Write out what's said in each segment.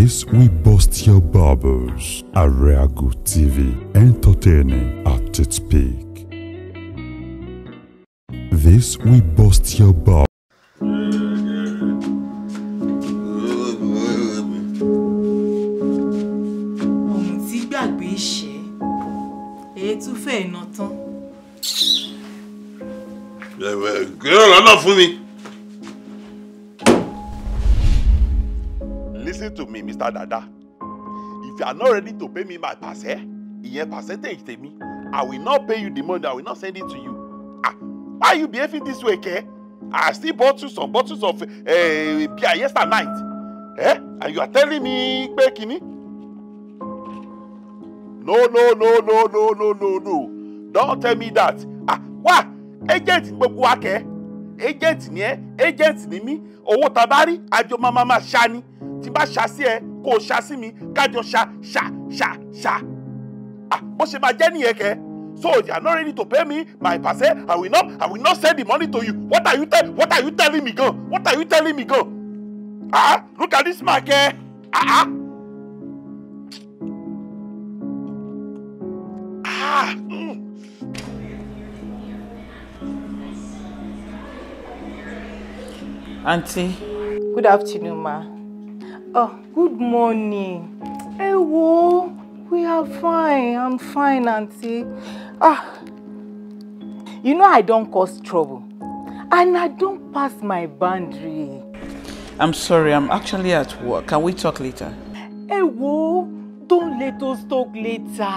is We Bust Your Bubbles. A rare good TV, entertaining at its peak. This We Bust Your Bubbles. tún fẹ́ iná tán. kí ló lọ́nà fún mi. Listen to me, Mr. Dada. If you are not ready to pay me my pàṣẹ, ìyẹn to me, I will not pay you the money, I will not send it to you. Ah, why are you behaving this way, kẹ́? I still bought you some bottles of uh, beer yesterday night. Eh? And you are telling me pé kíni? No, no, no, no, no, no, no, no. Don't tell me that. Ah, wá agent gbogbo wa kẹ́. Agent ni ẹ́, agent me. mí. what tabari, àjọ I do my mama shiny tí bá ṣá sí ẹ kó o ṣá sí mi kájọ ṣá ṣá ṣá ṣá bó ṣe máa jẹ́ nìyẹn kẹ́ so you are not ready to pay me my pase i will not i will not send the money to you what are you tell what are you telling me gan what are you telling me gan ah look at this man kẹ́ ah ah. ah mm. good afternoon ma. Oh, good morning. Hey, wò, we are fine. I'm fine, auntie. Ah, you know I don't cause trouble. And I don't pass my boundary. I'm sorry, I'm actually at work. Can we talk later? Hey, wò, don't let us talk later.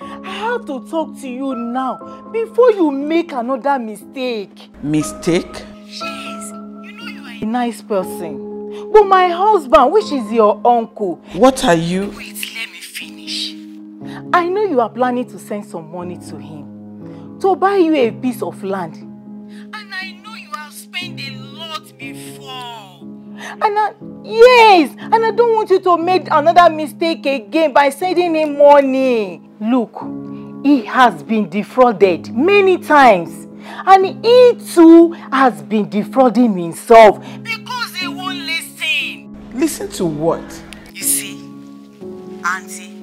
I have to talk to you now before you make another mistake. Mistake? Jeez, you know you are a nice person. But my husband, which is your uncle. What are you? Wait, let me finish. I know you are planning to send some money to him to buy you a piece of land. And I know you have spent a lot before. And I, yes, and I don't want you to make another mistake again by sending him money. Look, he has been defrauded many times and he too has been defrauding himself because he won't let Listen to what? You see, Auntie,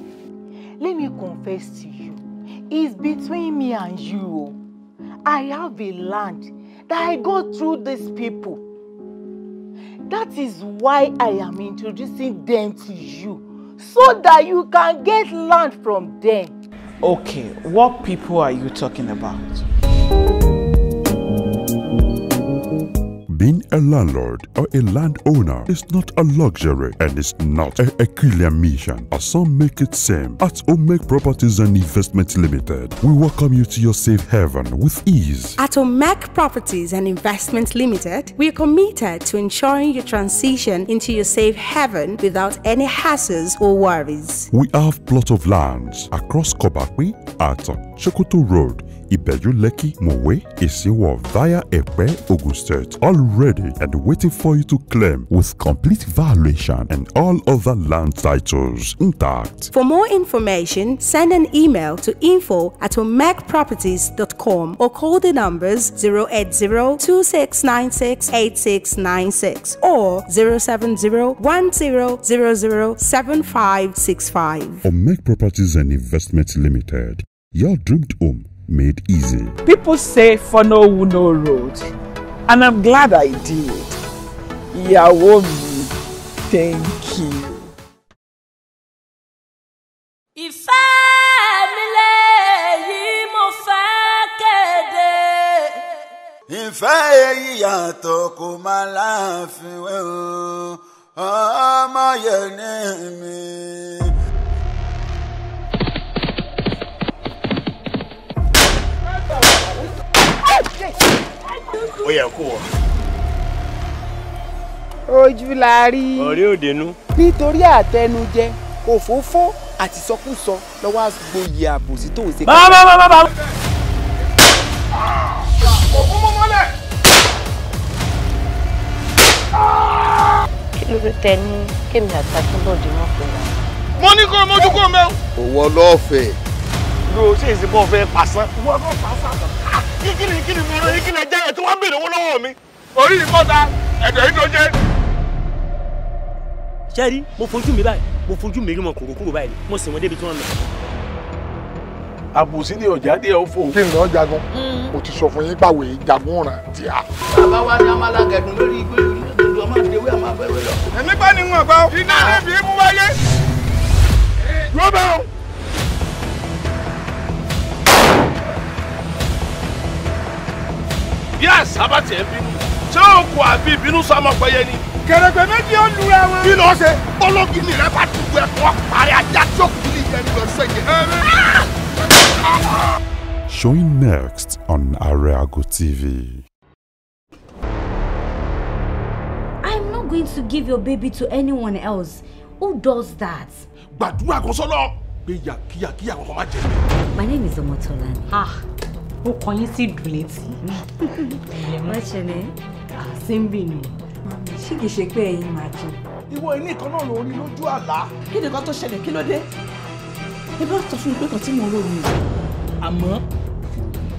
let me confess to you, it's between me and you. Oh. I have a land that I go through these people. That is why I am introducing them to you, so that you can get land from them. Okay, what people are you talking about? Being a landlord or a landowner is not a luxury and it's not a peculiar mission, as some make it seem. At Omeg Properties and Investment Limited, we welcome you to your safe haven with ease. At Omeg Properties and Investment Limited, we are committed to ensuring your transition into your safe haven without any hassles or worries. We have plot of lands across Kobakwi at Chokoto Road, Ibeyuleki Mowe Isiwo via Epe Ogun State already and waiting for you to claim with complete valuation and all other land titles intact. For more information, send an email to info at omegproperties.com or call the numbers 80 2696 or 070-1000-7565. Omeg Properties and Investments Limited, your dreamed home made easy. People say for no who no road, and I'm glad I did. Yawomi, thank you. Ìfẹ́ mi lèyí mo fẹ́ kéde. Ìfẹ́ èyí yàtọ̀ kò máa láàfin ọmọ yẹn ní mi. ó yẹ kó wọ. ojú la rí. ọ̀rẹ́ òdenu. nítorí àtẹnujẹ òfófó àti sọkúsọ lọ́wọ́ àgboyè àbòsí tó ń ṣe. bá bá bá bá. òkú mú mọ́lẹ̀. kí ló dé tẹ ní kémi àtàkùn bọ̀dé mọ́ pẹ̀lú. mo ní kó o mójú kó o mẹ́ o. òwò dúró ṣé èsì bọ́ fẹ́ pàṣán. wọ́n kọ́ pàṣán ah, kan. kí ni kí ni mo rẹ kí ni ẹja yẹn tí wọ́n béèrè owó lọ́wọ́ mi. orí ìkọta ẹ̀dọ̀ yìí ló jẹ́. sẹ́ẹ̀rí mo fojú mi báyìí mo fojú mi rí wọn kúròkúrò báyìí mo sì wọ́n débi tí wọ́n lọ. àbùsí ni ọ̀já díẹ̀ ó fò. kí n lọ jagun hmm. mo ti sọ fún yín báwo yìí jagun ọ̀ràn tí a. bàbá wa ní amálágẹ̀dùn lórí igbó ìlú ọmọ àdéwé àmọ́ abẹ́rẹ́ lọ. ẹ̀mí bá ní wọn gbọ́ iná lè fi mú wáyé. yóò bá wọn. bí àṣà bá tiẹ̀ bínú ṣé òkú àbí ìbínú sọmọpẹyẹ ni. kẹrẹgbẹ méjì ó lu ra kí ló ṣe ológin ni rẹ bá dùgbò ẹ̀kọ́ parí ajá tí ó kù ní ìyẹnu lọ sẹ́yìn. Showing next on Areago TV. I'm not going to give your baby to anyone else. Who does that? Gbàdúrà kan sọ́lọ́ pé yàkíyàkíyà kankan má jẹ. My name is Omotolani. Ah ó kọ yín sí dùn létí. wọ́n ṣẹlẹ̀. àṣẹ́ńbì ni. ṣé kìí ṣe pé ẹ̀yin máa jẹun. ìwọ ilé kan náà lòún ní lójú àlá. kí ni kan tó ṣẹlẹ̀ kí ló dé. ẹ bá sọ fún mi pé kan tí mo rò ni. àmọ́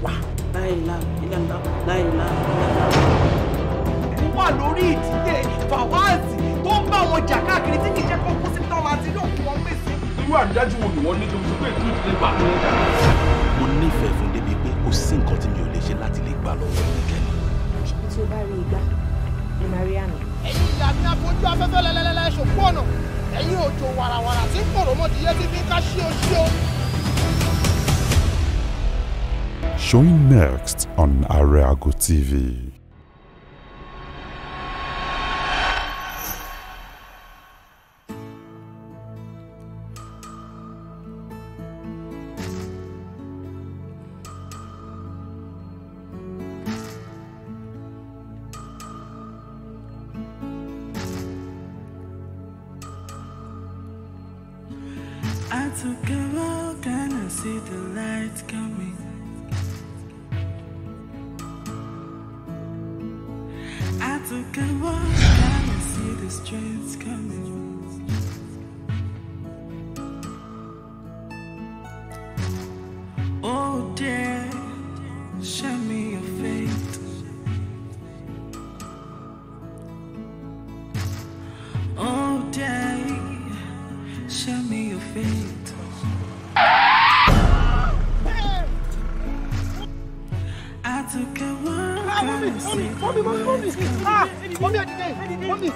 wà. láìla ìlànà láìla ìlànà. mo wà lórí ìdílé fàwáàsì tó ń bá wọn jà káàkiri tí kì í jẹ́ kó kó sí táwọn àti ilé òkú wọn gbèsè. irú àdájú wo ni wọ́n ní lójú pé ìlú ìdílé bàtà. mo kò sí nǹkan tí mi ò lè ṣe láti lè gbà lọ́wọ́ ẹnikẹ́ni. ṣé tí o bá rí igbá ni maria nà. ẹ̀yin ìyá mi afojú afẹ́fẹ́ lẹ́lẹ́lẹ́lẹ́ ṣòkú ọ̀nà ẹ̀yin òjò wàràwàrà tí pòròmọdìyẹ ti fi ká ṣí o ṣí o. Showing next on Areago TV.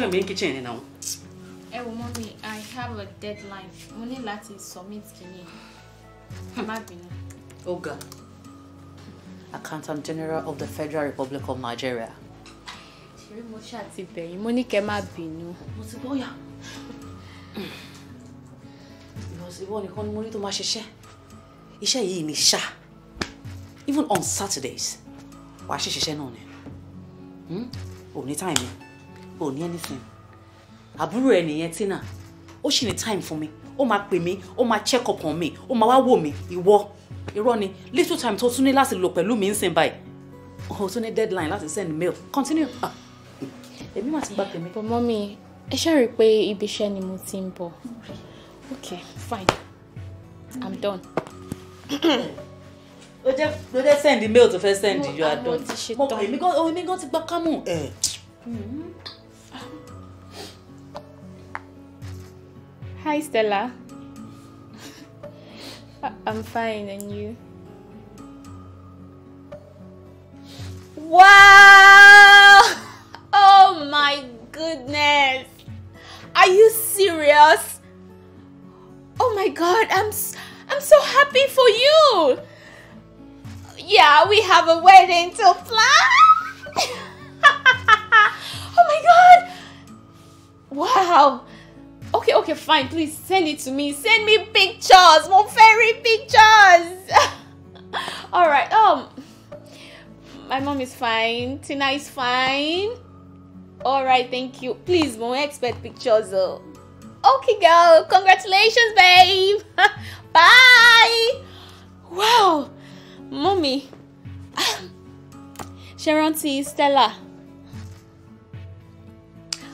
join me in kitchen ni now. ẹ wo mọ́mí i have a deadline mo ní láti submit kìíní má bínú. Oga, oh, accountant general of the federal republic of nigeria. ṣeré mo ṣàti bẹ̀yìn mo ní kẹ́ má bínú. mo ti bóyá ìwọ nìkan ni mo ní tó máa ṣiṣẹ́ iṣẹ́ yìí ni ṣá even on saturdays wàá ṣe ṣiṣẹ́ náà ni hmm? ò ní táìmù ò ní anything àbúrò ẹ nìyẹn tina ó sì ní time fún mi ó máa pè mí ó máa check up on mi ó máa wá wò mí ìwọ irọ́ ni little time tó tún ní láti lò pẹ̀lú mi ń sìn báyìí ó tún ní deadline láti send mail continue ah. èmi máa ti gba tèmi. but mommy ẹ ṣe rí i pé ibi iṣẹ́ ni mo ti ń bọ̀ okay fine i'm done. o jẹ o jẹ send mail to first send you are done mo kàn èmi gan èmi gan ti gba kámù. Eh. Mm-hmm. Hi, Stella. I'm fine, and you? Wow! Oh my goodness! Are you serious? Oh my god, I'm I'm so happy for you. Yeah, we have a wedding to plan. oh my god! Wow okay okay fine please send it to me send me pictures more fairy pictures all right um my mom is fine tina is fine all right thank you please more expect pictures though okay girl congratulations babe bye wow mommy sharon t stella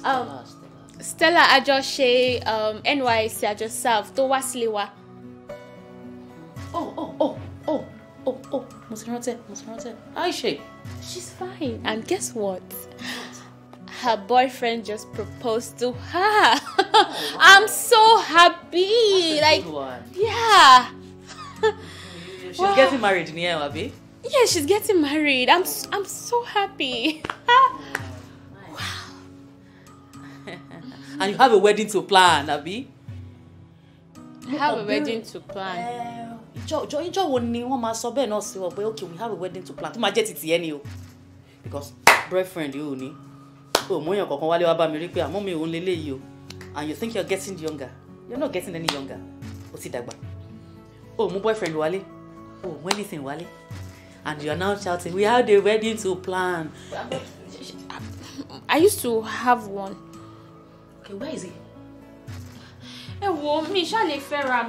um stella. Stella Ajoshe um, NYC Ajosav tó wá sílé wa. Oh oh oh oh oh oh mo ti rántí mo ti rántí She's fine and guess what? Her boyfriend just proposed to her. I'm so happy. That's a good like, one. yeah. she's wow. getting married, Nia Abi. Yeah, she's getting married. I'm I'm so happy. and you have a wedding to plan àbí. I have a wedding to plan. Eh, ìjọ ìjọ wo ni wọ́n máa sọ bẹ́ẹ̀ náà sí wọn pé okay we have a wedding to plan tó máa jẹ́ títì ẹni o because boyfriend yóò ní o mú èèyàn kankan wálé wá bá mi rí pé àmọ́ mi ò ń leléyìí o and you think you're getting younger you're not getting any younger o ti dàgbà o mú boyfriend wálé o mú anything wálé and you are now shouting we have a wedding to plan. I used to have one Okay, where is he? Ẹ wò, mi ṣá lè fẹ́ra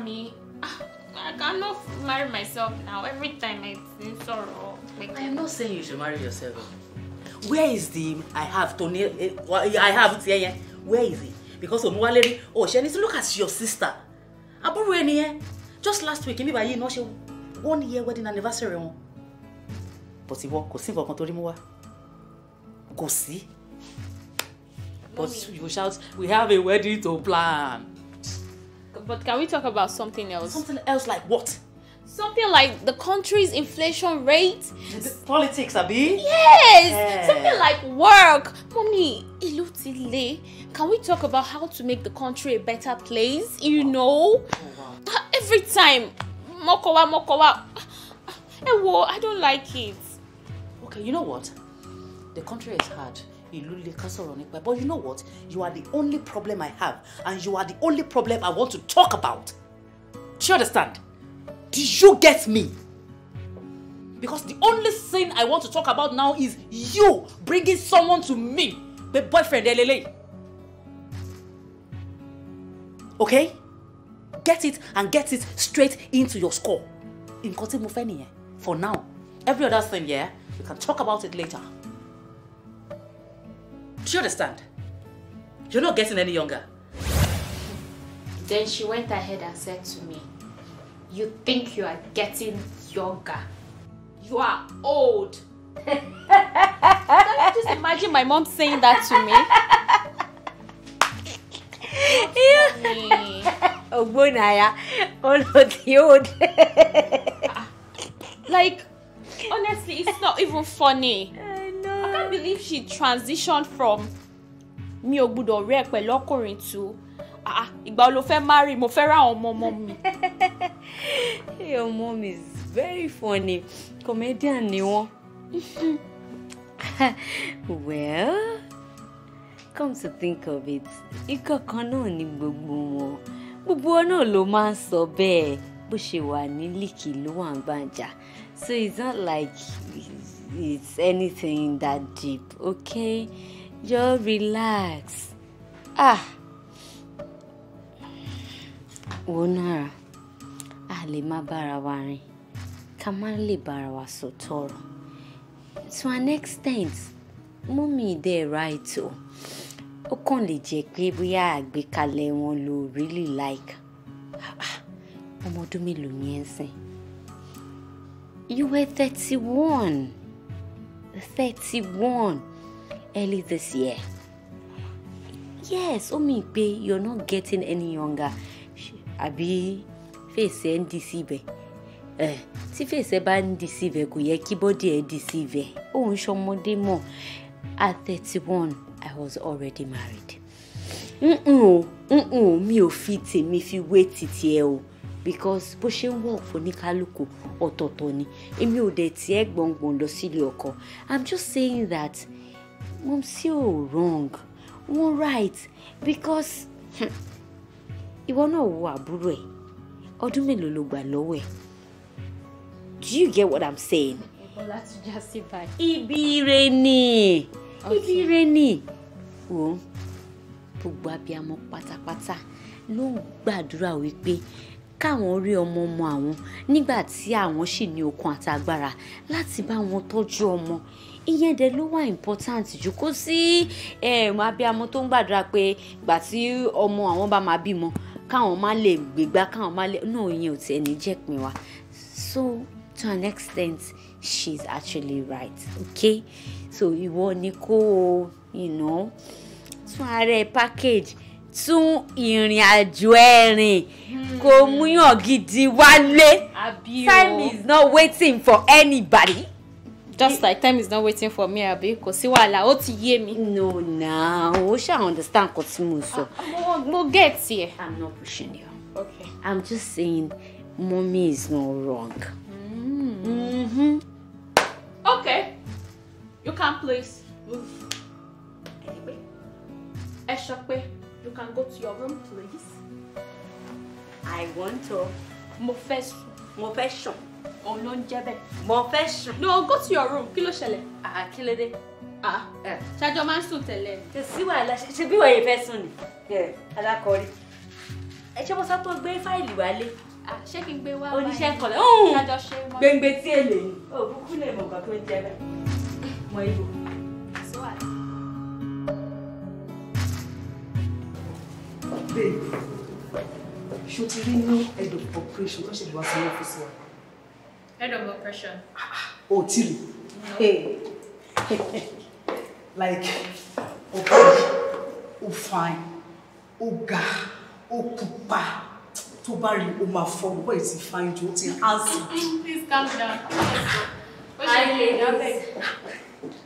ah, I cannot marry myself now. Every time I see sorrow. I am not saying you should marry yourself. Where is the I have Tony? Eh, I have it here, yeah. Where is he? Because of Omuwaleri, oh, she needs to look at your sister. Àbúrò ẹni yẹn. Just last week, níbi báyìí náà She one year wedding anniversary wọn. But ìwọ kò sí nǹkan kan tó rí mú wá. But you shout, we have a wedding to plan. But can we talk about something else? Something else like what? Something like the country's inflation rate. The politics, Abi. Yes. Yeah. Something like work. Mommy, Ilutile, can we talk about how to make the country a better place? You know, oh, wow. every time, mokowa mokowa. Eh, I don't like it. Okay, you know what? The country is hard. ìlú lè ká sọ̀rọ̀ nípa but you know what you are the only problem I have and you are the only problem I want to talk about do you understand do you get me because the only thing I want to talk about now is you bringing someone to me pé boyfriend ẹ okay get it and get it straight into your score nǹkan tí mo fẹ́ nìyẹn for now every other thing yeah, we can talk about it later. Do you understand? You're not getting any younger. Then she went ahead and said to me, you think you are getting younger. You are old. Can you just imagine my mom saying that to me? all old. Like, honestly, it's not even funny. I can't believe she transitioned from mi ò gbúdọ̀ rẹ́ pẹ̀lú ọkùnrin tó ìgbà ló fẹ́ marry mo fẹ́ ra àwọn ọmọ ọmọ mi. your mom is very funny comedian ni wọn. well come to think of it ikọ̀ kan náà ni gbogbo wọn gbogbo wọn náà ló máa ń sọ bẹ́ẹ̀ bó ṣe wà ní líkì ló wà ń gbàjà so it's not like it's anything that deep okay just relax ah wo nára a lè má bára wa rìn ká má lè bára wa sòtọ́ to an extent mú mi dé right o ó kàn lè jẹ́ pé bóyá àgbékalẹ̀ wọn ló really like ah, ọmọ ọdún mélòó ni ẹ ń sìn you were thirty one. 31 early this year. Yes, Omi mi you're not getting any younger. Abi, fèsì ẹ̀ ń di síbẹ̀. Eh, tí fèsì ẹ bá ń di síbẹ̀ kò yẹ kí bọ́dì ẹ di síbẹ̀. Òun ṣọmọdé mọ̀. At 31, I was already married. Mm-mm o, mm-mm o, mi ò fi tèmi fi wé títí ẹ o because bó ṣe ń work for oníkálukú ọ̀tọ̀ọ̀tọ̀ ni èmi ò dẹ̀ tiẹ̀ gbọ̀ngbọ̀n lọ sílé ọkọ i'm just saying that wọ́n sì ò wrong wọ́n right because hmm, ìwọ náà wo àbúrò ẹ̀ ọdún mélòó ló gbà lọ́wọ́ ẹ̀ do you get what i'm saying. ibi ire ni ibi ire ni wo gbogbo abiyamọ pátápátá ló ń gbàdúrà wípé káwọn rí ọmọ ọmọ àwọn nígbà tí àwọn sì ní okun àtagbára láti bá wọn tọ́jú ọmọ ìyẹn dẹ̀ ló wà important jù kó sí abiyamọ tó ń gbàdúrà pé ìgbà tí ọmọ àwọn bá máa bímọ káwọn má lè gbégbá káwọn má lè náà ìyẹn ò tiẹ̀ ní jẹ́pin wa so to an extent she's actually right okay so ìwọ ni kó o you know tún ara ẹ package tún ìrìn àjò ẹ̀rìn kò hmm. múyàn gidi wálé time is not waiting for anybody just like time is not waiting for me abi kò sí wàhálà ó ti yé mi. no na o ṣe understand nǹkan tí mo sọ. Ah, mo get here. i'm not pushing you. okay. i'm just saying mommy is not wrong. Mm. Mm-hmm. okay you can please move. ẹ sọ pé. You can go to your room, please. I want to. Mo fẹ́ sùn. Mo fẹ́ sùn. Òun ló ń No, go to your room. Kí ló ṣẹlẹ̀? Àà kí ló dé? Àà ṣáájú máa ń sùn tẹ́lẹ̀. Kò sí wàhálà ṣe bí wàá yẹ fẹ́ Yeah. I like Ẹ ṣe mo sọ pé o Be fáìlì wálé. Ṣé kí n gbé wá? Oníṣẹ́ kọ̀lẹ́. Ṣáájú ṣe wá. Gbèǹgbè tí èlè ni. Òkúkú lè mọ̀ nǹkan tó ń jẹ bẹ́ẹ̀. Mọ ibò. babe ṣo ti rí ní head of operation tó ṣẹ̀ṣẹ̀ wá sí ọ́fíìsì wa. head of operation. o ti Hey. Eh. like ọ̀pọ̀ Oh, fine Oh, God. Oh, papa. To bury rí o máa fọ ọgbọ́n ẹ̀ ti fine ju ó ti handsome. please calm down. I ladies.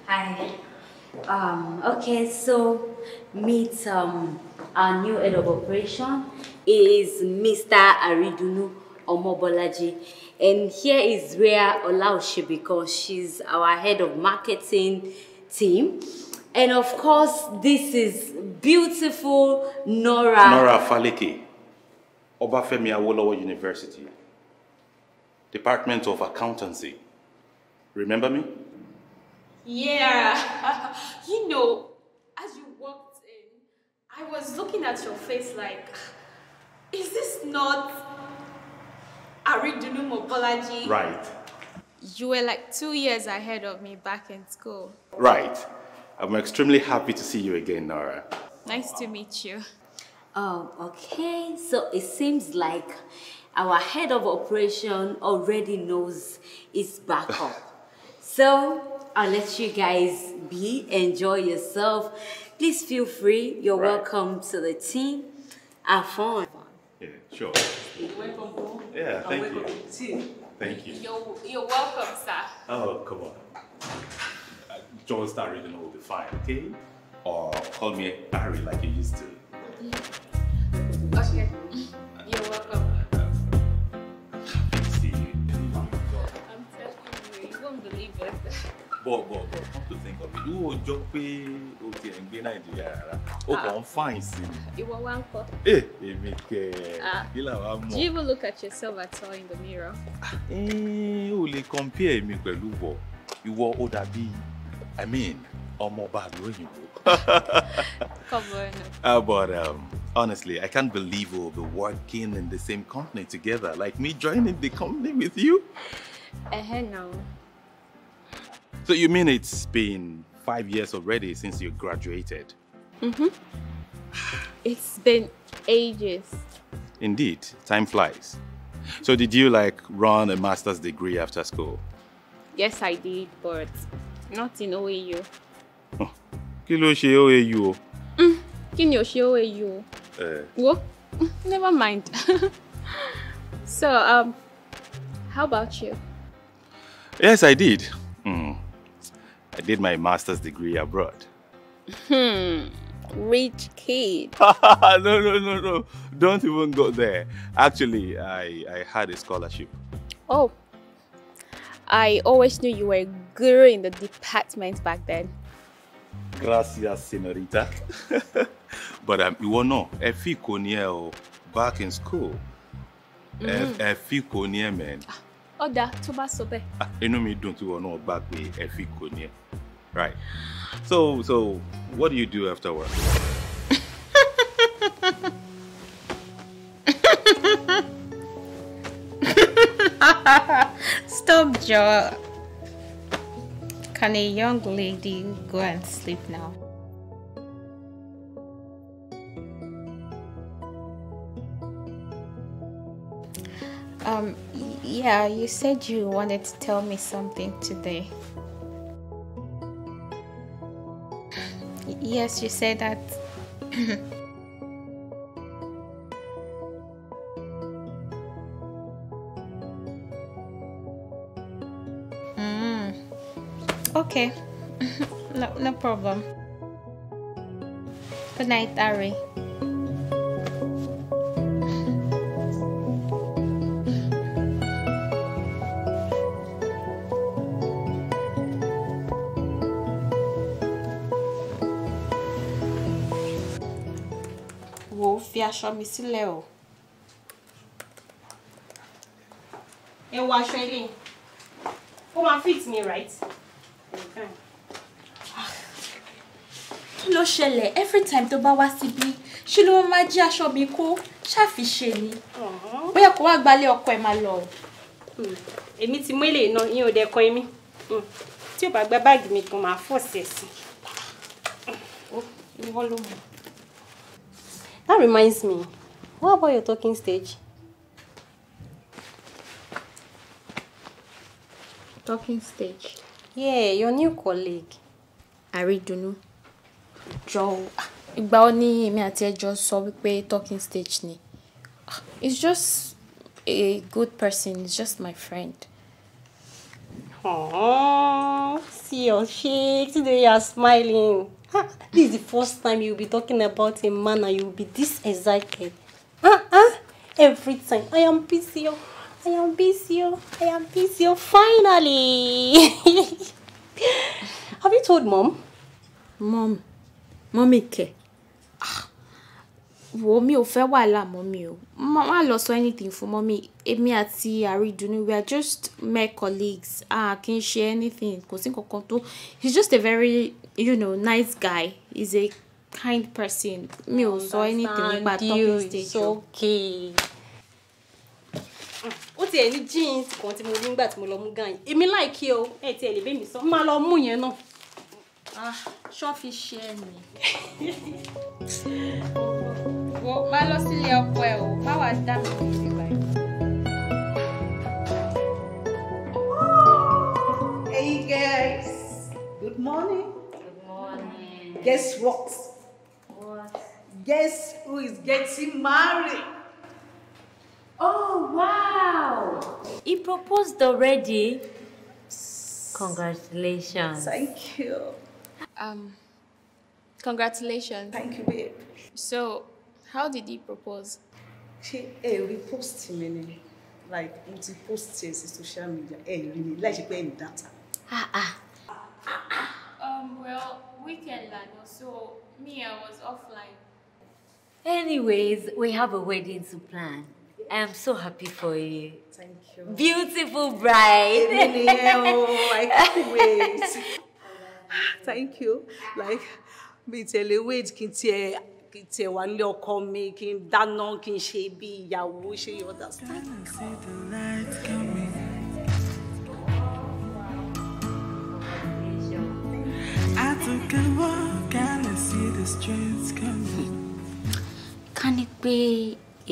Hi. Um, okay, so meet um, Our new head of operation is Mr. Aridunu Omobolaji. And here is where Olaoshi because she's our head of marketing team. And of course, this is beautiful Nora. Nora Faliki, Obafemi Awolowo University, Department of Accountancy. Remember me? Yeah, you know, I was looking at your face like, ah, is this not Aridunum Obolaji? Right. You were like two years ahead of me back in school. Right. I'm extremely happy to see you again, Nora. Nice to meet you. Oh, okay. So it seems like our head of operation already knows it's back up. so I'll let you guys be, enjoy yourself please feel free. You're right. welcome to the team. Have fun. Yeah, sure. Welcome home. Yeah, thank you. team. Thank you. You're, you're welcome, sir. Oh, come on. Don't uh, start reading all the file, okay? Or call me Barry like you used to. Okay. You're welcome. I'm telling you, you won't believe it. But, but, but. ìlú ò pé o ti ẹ̀ ń gbé nàìjíríà rárá o kàn ń fàìn sí i. Ah, ìwọ wa ń kọ. ẹ eh, èmi kẹ ah, kí làwa mọ. do you even look at yourself at all in the mirror. Ah, eh, o lè compare mi pẹ̀lú wọ ìwọ ó dàbí i mean ọmọọba lóyìnbó. come on. Uh, but um, honestly, I can't believe we'll be working in the same company together. Like me joining the company with you. Uh, no. So you mean it's been five years already since you graduated? Mm-hmm. It's been ages. Indeed, time flies. So did you like run a master's degree after school? Yes, I did, but not in OAU. Kí ló ṣe OAU o? Mm, kí OAU o? Eh. Wo? Never mind. so, um, how about you? Yes, I did. Mm. I did my master's degree abroad. Hmm, rich kid. no, no, no, no. Don't even go there. Actually, I, I had a scholarship. Oh, I always knew you were a guru in the department back then. Gracias, senorita. but um, you will know, Efi Koniel back in school, mm -hmm. Efi man. Ah ọ̀dà tó bá sọ bẹ́ẹ̀. know ah, mi dùn tí wọn náà gbà right so so what do you do after work. Stop, Joe. Can a young lady go and sleep now? Um, yeah, you said you wanted to tell me something today. Yes, you said that. mm. Okay, no, no problem. Good night, Ari. aṣọ mi sílẹ̀ o ẹ wo aṣọ ilé ó máa fit me right kí ló ṣẹlẹ̀ every time tó bá wá síbí ṣé ló máa jí aṣọ mi kó ṣàfiṣe ni bóyá kó wá gbalé ọkọ ẹ máa lọ. Hmm. èmi ti mú èlé iná yín ò dẹ kan èmi hmm. tí ò bá gba báàgì mi kan máa fọ̀ sí ẹ̀ sí. Oh, ìwọ ló mọ̀. That reminds me, what about your talking stage? Talking stage? Yeah, your new colleague. Àrídùnnú. Jọ̀ọ́, ìgbà wo ni èmi àti ẹ jọ sọ wípé talking stage ni? Ah, it's just a good person, it's just my friend. Oh, see your cheeks, today you are smiling. this is the first time you'll be talking about a man and you'll be this excited. huh? ah, every time. I am busy. Oh. I am busy. Oh. I am busy. Oh, finally. Have you told mom? Mom. Mommy, care. wò mí ò fẹ́ wàhálà mummy o má lọ sọ anything fún mummy èmi àti àrídùnú we are just my colleagues Ah, kì í ṣe anything kò sí kankan tó he is just a very you know nice guy he is a kind person mi ò sọ anything nípa talking stage o. ó tiẹ̀ ní jeans kan tí mo rí nígbà tí mo lọ mú gan yìí èmi láìkí o ẹ̀ tiẹ̀ lè bẹ́ mi sọ máa lọ mú yẹn náà. Ah, ṣọ́ fi ṣe ẹ̀mí. Hey guys, good morning. Good morning. Guess what? What? Guess who is getting married? Oh, wow! He proposed already. Congratulations. Thank you. Um, congratulations. Thank you, babe. So, how did he propose? She, hey, we post him in like into post in social media. Hey, really, like she playing data. Ah ah. Um, well, weekend Lano, so me I was offline. Anyways, we have a wedding to plan. I am so happy for you. Thank you. Beautiful bride. oh, I can't wait. Thank you. Like, me tell you, wait, can tiẹ̀ wá lé ọkọ mi kí n dáná kí n ṣe bí ìyàwó ṣe you understand. I took a walk and I see the streets coming. Ká ní pé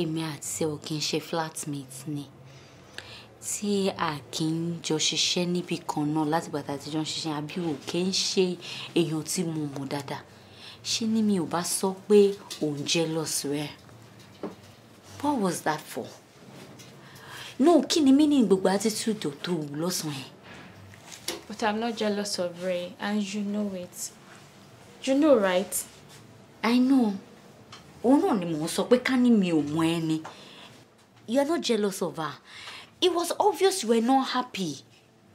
èmi àti ò kí n ṣe flatmate ni tí a kì í jọ ṣiṣẹ́ níbì kan náà látìgbà tá a ti jọ ń ṣiṣẹ́ àbí ò ń ṣe èèyàn tí mo mọ̀ dáadáa ṣé ni mi ò bá sọ pé òun jealous rẹ what was that for no kí ni meaning gbogbo attitude tó wù lọ́sàn-án yẹn. but i'm not jealous of Ray and you know it you know right. i know òun náà ni mò ń sọ pé ká ní mi ò mọ ẹni you are not jealous of her it was obvious you were not happy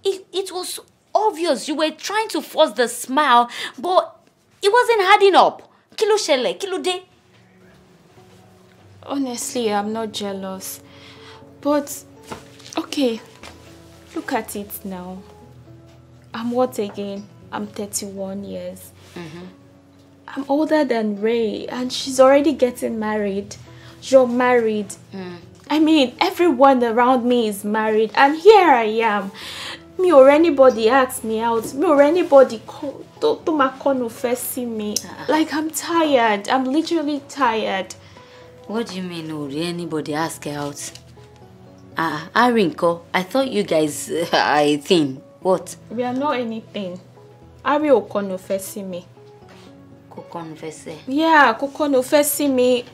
it, it was obvious you were trying to force the smile but It wasn't adding up. Kilo shele, kilo de. Honestly, I'm not jealous. But, okay, look at it now. I'm what again? I'm 31 years. Mm -hmm. I'm older than Ray and she's already getting married. You're married. Mm. I mean, everyone around me is married and here I am mi ò rẹ́ anybody ask me out mi ò rẹ́ anybody tó tó máa kọ́nu fẹ́ sí mi ah. like i'm tired i'm literally tired. what do you mean o rí anybody ask out? ah uh, ah, arinko i thought you guys are a thing what. we are not anything ari ò kọ́nu fẹ́ sí mi. kò kọ́nu fẹ́ sẹ́. yeah kò kọ́nu fẹ́ sí mi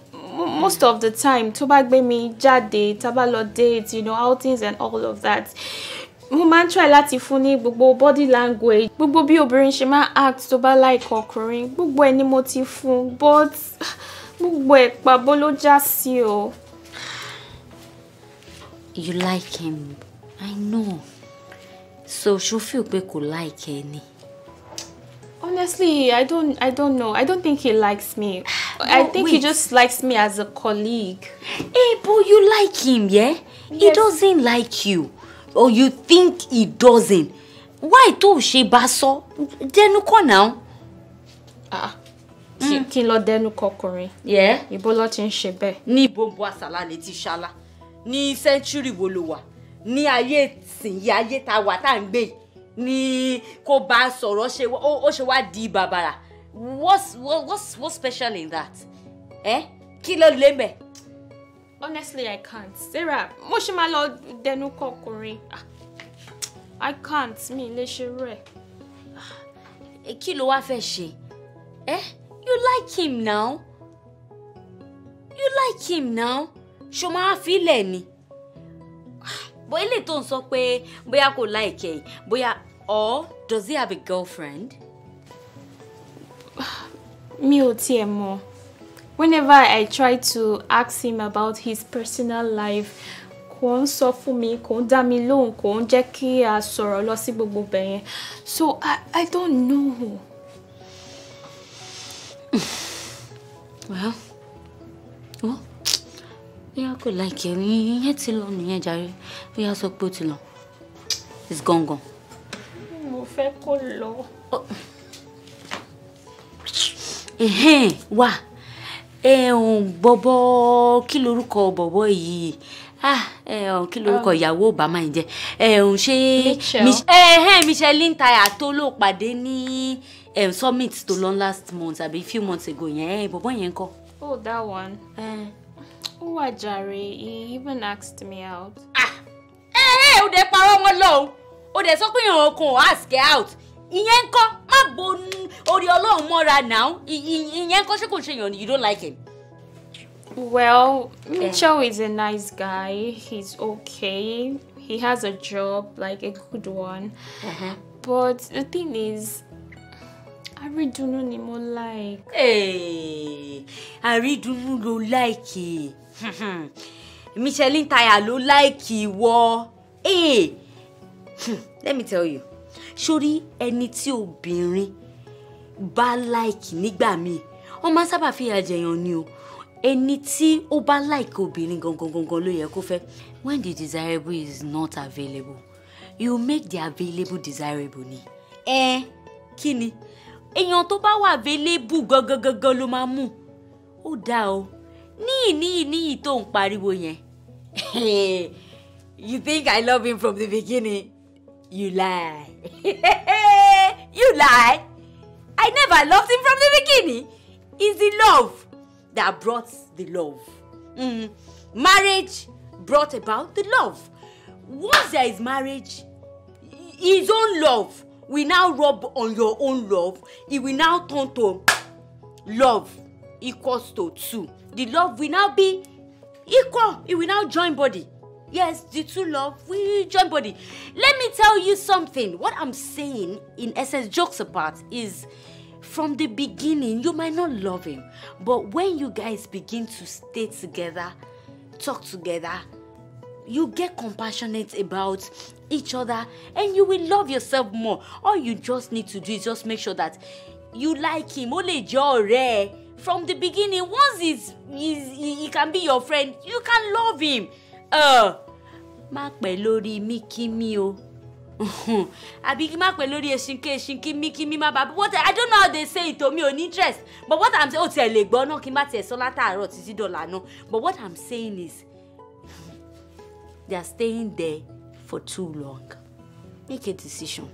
most of the time tó bá gbé mi jáde tá bá lọ date you know outings and all of that mo máa ń try láti fún ní gbogbo body language gbogbo bí obìnrin ṣe máa act tó bá like ọkùnrin gbogbo ẹ ni mo ti fún but gbogbo ẹ pàbó ló já sí o. you like him i know so ṣo feel pé kò like ẹ ni. honestly i don't i don't know i don't think he likes me but i think wait. he just likes me as a colleague. hey eh, but you like him yeah? yes. he doesn't like you or you think he doesn't why tó ṣe bá sọ dẹnu kọ náà. ah kí n mm. lọ dẹnu kọkùnrin. ibo ló ti ń ṣe bẹ́ẹ̀. ní bòbò àṣàlà ni ti ṣálá ní sẹ́ńtúrì wo ló wà ní ayé ìsìnyí ayé tá a wà tá à ń gbé ni kò bá sọ̀rọ̀ ṣe ó ṣe wá di bàbàrà what's what's what's special in that? Eh? kí ló lè mẹ́ẹ̀ honestly i can't sarah mo ṣe máa lọ dẹnu kọkùnrin ah, i can't mi lè ṣe rẹ. Ah, kí ló wáá fẹ́ ṣe ẹ eh? you like him now you like him now ṣo máa fi ilẹ̀ ni ah, bó ilé tó ń sọ pé bóyá kò láìkẹ́ bóyá or does he have a girlfriend. mi ò tiẹ̀ mọ̀ whenever I try to ask him about his personal life kò ń sọ fún mi kò ń dá mi lóhùn kò ń jẹ́ kí a sọ̀rọ̀ lọ sí gbogbo bẹ̀yẹn so I, I don't know. well well bóyá kò láìkẹ́ ìyẹn ti lọ nìyẹn jàre bóyá sọ pé ó ti lọ it's gone gone. mo fẹ́ kó lọ. Oh. wà ẹ̀hún bọ̀bọ̀ kí lorúkọ bọ̀bọ̀ yìí ah, ẹ̀hún kí lorúkọ ah. ìyàwó obama yìí jẹ́ ẹ̀hún ṣé Michelle Taya tó ló pàdé ní summit to lọ last month àbí few months ago yẹn bọ̀bọ̀ yẹn kọ́. oh that one. ó wà jàre he even asked me out. ẹ ẹ ò dé parọ́ wọn lọ́hùn ó dẹ̀ sọ pé ìrànwọ́ kan ò ask out ìyẹn ńkọ́ má bo orí ọlọ́run mọ́ra náà ìyẹn ńkọ́ ṣé kò ṣe yàn you don't like him. Well, eh. Mitchell is a nice guy. He's okay. He has a job, like a good one. Uh-huh. But the thing is, Àrídùnnú ni mo like. Hey, eh, Àrídùnnú ló like. Michelin Taya ló like ìwọ. Hey, eh, let me tell you sórí ẹni tí obìnrin bá láìkì nígbà míì wọ́n máa ń sábà fi àjẹyàn ni o ẹni tí ó bá láìkì obìnrin gangan gangan ló yẹ kó fẹ́ when the desirable is not available you make the available desirable ni. ẹ eh, kí ni èèyàn tó bá wà available gangan ló máa mú ó dáa o níyì níyì níyì tó ń pariwo yẹn. you think I love him from the beginning? You lie. you lie. I never loved him from the beginning. It's the love that brought the love. Mm. Marriage brought about the love. Once there is marriage, his own love will now rub on your own love. It will now turn to love equals to two. The love will now be equal. It will now join body. Yes, the two love, we join body. Let me tell you something. What I'm saying, in essence, jokes apart, is from the beginning, you might not love him. But when you guys begin to stay together, talk together, you get compassionate about each other and you will love yourself more. All you just need to do is just make sure that you like him. Only Jore. From the beginning, once he's, he's, he can be your friend, you can love him. má pẹ́ lórí míkímí o àbí kí má pẹ́ lórí eṣinké eṣinké míkímí má bàbá what i don't know how they say it o mi ò ní interest but what i'm saying ó tiẹ̀ lè gbọ́ náà kí n má tiẹ̀ sọ látàárọ̀ títí dọ̀là náà but what i'm saying is they are staying there for too long make a decision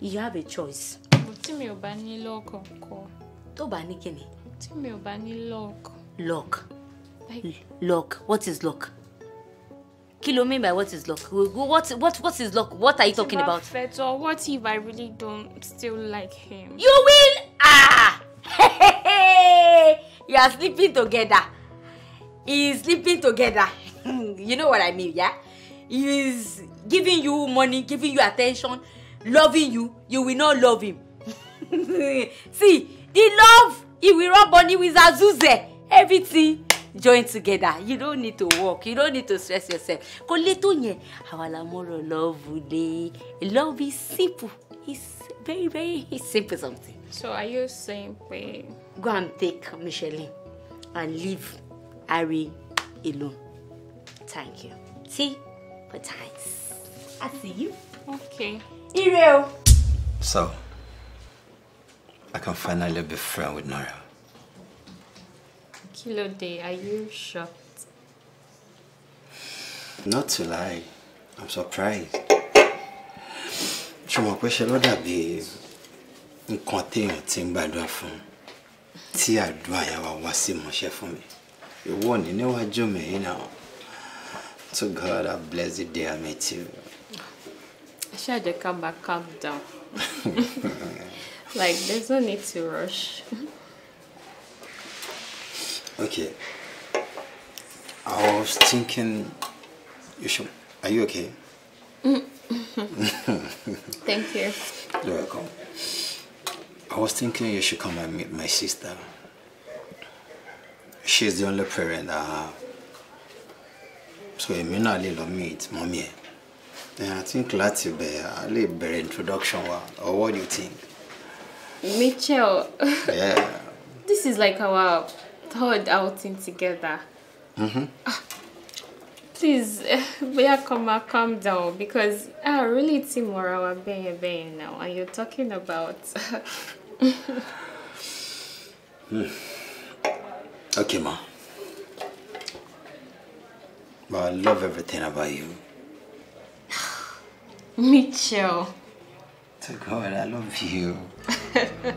you have a choice. tí mi ò bá ní lọ́ọ̀kọ̀ kọ́. tó bá ní kíni. tí mi ò bá ní lọ́ọ̀kọ̀. lock. lock what is lock kí ló mean by what is luck what what what is luck what are you talking about. tí what if I really don't still like him. you will ah you are sleeping together he is sleeping together you know what I mean yeah he is giving you money giving you attention loving you you will not love him see the love he will rub money with azuze everything join together you don't need to walk. you don't need to stress yourself kò lè tó yẹn mọ̀rọ̀ love dey love is simple it's very very it's simple something. so are you saying pé. go and take Micheline and leave Harry alone thank you tea for times i see you. okay. ire so i can finally be friend with Nora. Kilo day, Are you shocked? Not to lie, I'm surprised. Ṣùgbọ́n pé ṣe ló dàbí nǹkan téèyàn ti ń gbàdúrà fún tí àdúrà yà wá wá sí ìmọ̀ṣẹ́ fún mi. Ìwọ ni níwájú you yìí náà. To God, I bless the day I met you. I should have come back, calm down. like, there's no need to rush. Okay. I was thinking you should are you okay? Thank you. You're welcome. I was thinking you should come and meet my sister. She's the only parent I have. So èmi náà lè little meet mommy Yeah, I think láti be a little bẹ̀rẹ̀ introduction wa or what do you think? Mitchell. yeah. This is like our third outing together. Mm-hmm. Ah, please, eh, Bea, come ah, calm down because I ah, really think Morawa being, being now, and you're talking about. hmm. Okay, ma. But I love everything about you. Mitchell. To God, I love you.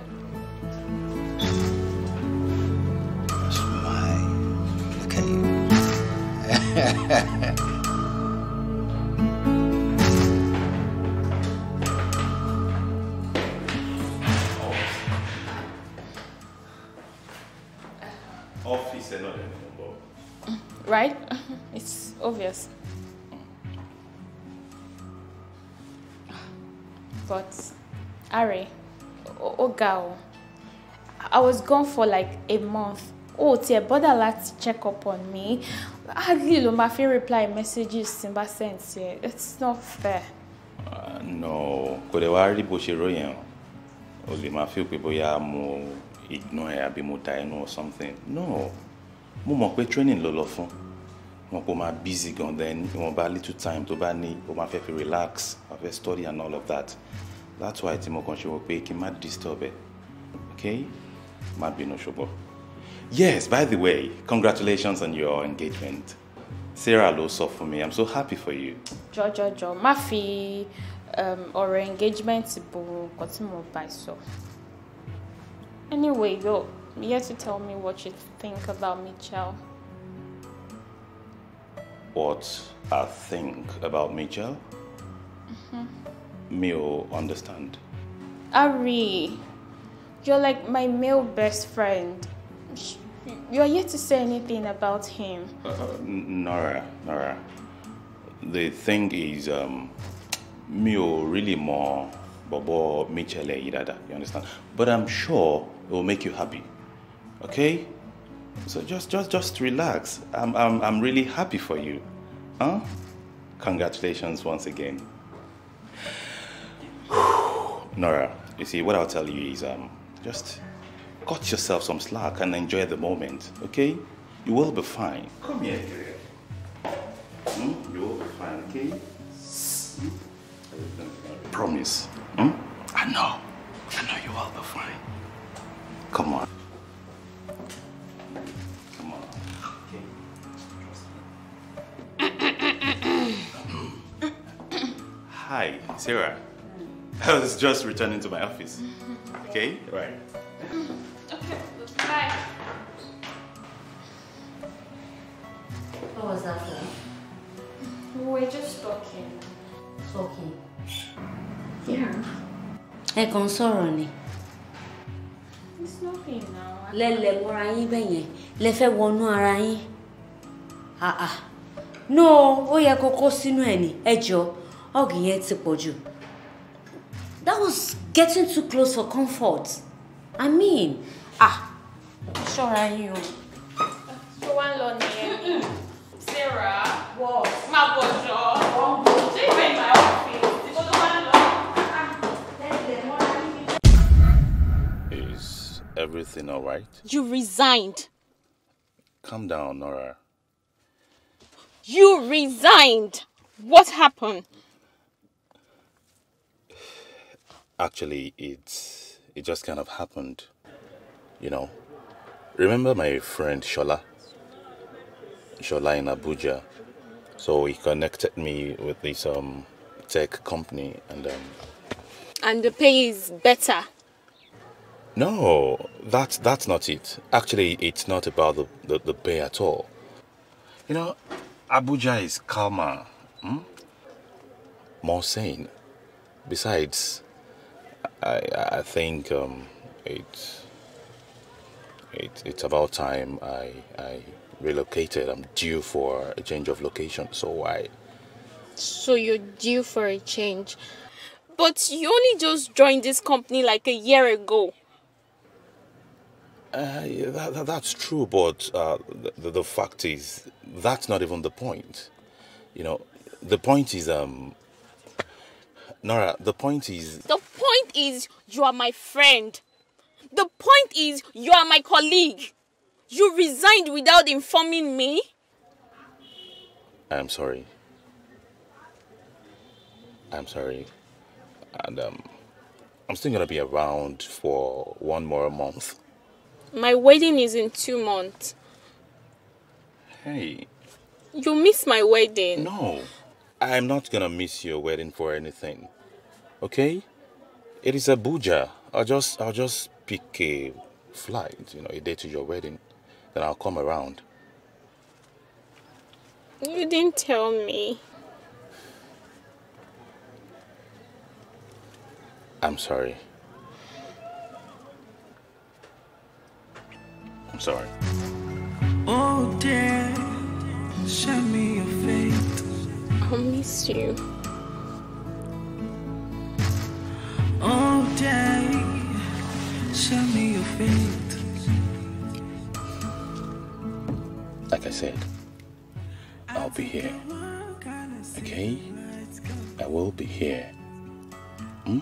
ga o I was gone for like a month o oh, tiẹ̀ bọ́dà láti check up on me hardly ló máa fi reply messages tí n bá send yẹ it's not fair. Ah, no kò lè wá rí bó ṣe ròyìn o o lè máa feel pé bóyá mo ignore àbí mo ta ẹnu or something no mo mọ̀ pé training ló lọ fún wọn kò máa busy gan then wọn bá little time tó bá ní o máa fẹ́ fi relax wàá fẹ́ study and all of that that's why tí mo kàn ṣe wọ pé kí má disturb it. okay má no ṣùgbọ́n yes by the way congratulations on your engagement sarah ló sọ for me. i'm so happy for you. jọjọjọ má fi um, ọ̀rọ̀ engagement bo nǹkan tí mo bá sọ anyway yo you have to tell me what you think about Mitchell. What I think about Mitchell? male understand? Ari, you're like my male best friend. You're yet to say anything about him. Uh, uh Nora, Nora. The thing is, um, Mio really more Bobo Michele Irada, you understand? But I'm sure it will make you happy. Okay? So just just just relax. I'm I'm I'm really happy for you. Huh? Congratulations once again. Nora, you see, what I'll tell you is um, just cut yourself some slack and enjoy the moment, okay? You will be fine. Come here, hmm? You will be fine, okay? Promise. Hmm? I know. I know you will be fine. Come on. Come on. Okay. Hi, Sarah. I was just returning to my office. Okay? Right. Okay, bye. What was that for? We're just talking. Talking? Yeah. Hey, console, sọ̀rọ̀ It's nothing now. Lẹ́lẹ̀ mọ́ra yín bẹ́ẹ̀ yẹn, lẹ fẹ́ wọnú Ah ah. No, ó yẹ kó kó Ejo, ẹ̀ ti pọ̀ That was getting too close for comfort. I mean, ah, sure are you? So one lọ Sarah. What? My boss, Ṣé Is everything all right? You resigned. Calm down, Nora. You resigned. What happened? actually it's it just kind of happened you know remember my friend shola shola in abuja so he connected me with this um tech company and um and the pay is better no that's that's not it actually it's not about the the, the pay at all you know abuja is calmer hmm? more sane besides I I think um, it's it, it's about time I I relocated. I'm due for a change of location, so why? So you're due for a change, but you only just joined this company like a year ago. Uh, yeah, that, that, that's true, but uh, the, the fact is that's not even the point. You know, the point is um, Nora, the point is... The point is you are my friend. The point is you are my colleague. You resigned without informing me. I'm sorry. I'm sorry. And um, I'm still going to be around for one more month. My wedding is in two months. Hey. You miss my wedding. No. I'm not going to miss your wedding for anything okay it is abuja i'll just i'll just pick a flight you know a day to your wedding then i'll come around you didn't tell me i'm sorry i'm sorry oh dear show me your face i miss you all day. Show me your feet. Like I said, I'll be here. Okay? I will be here. Hmm?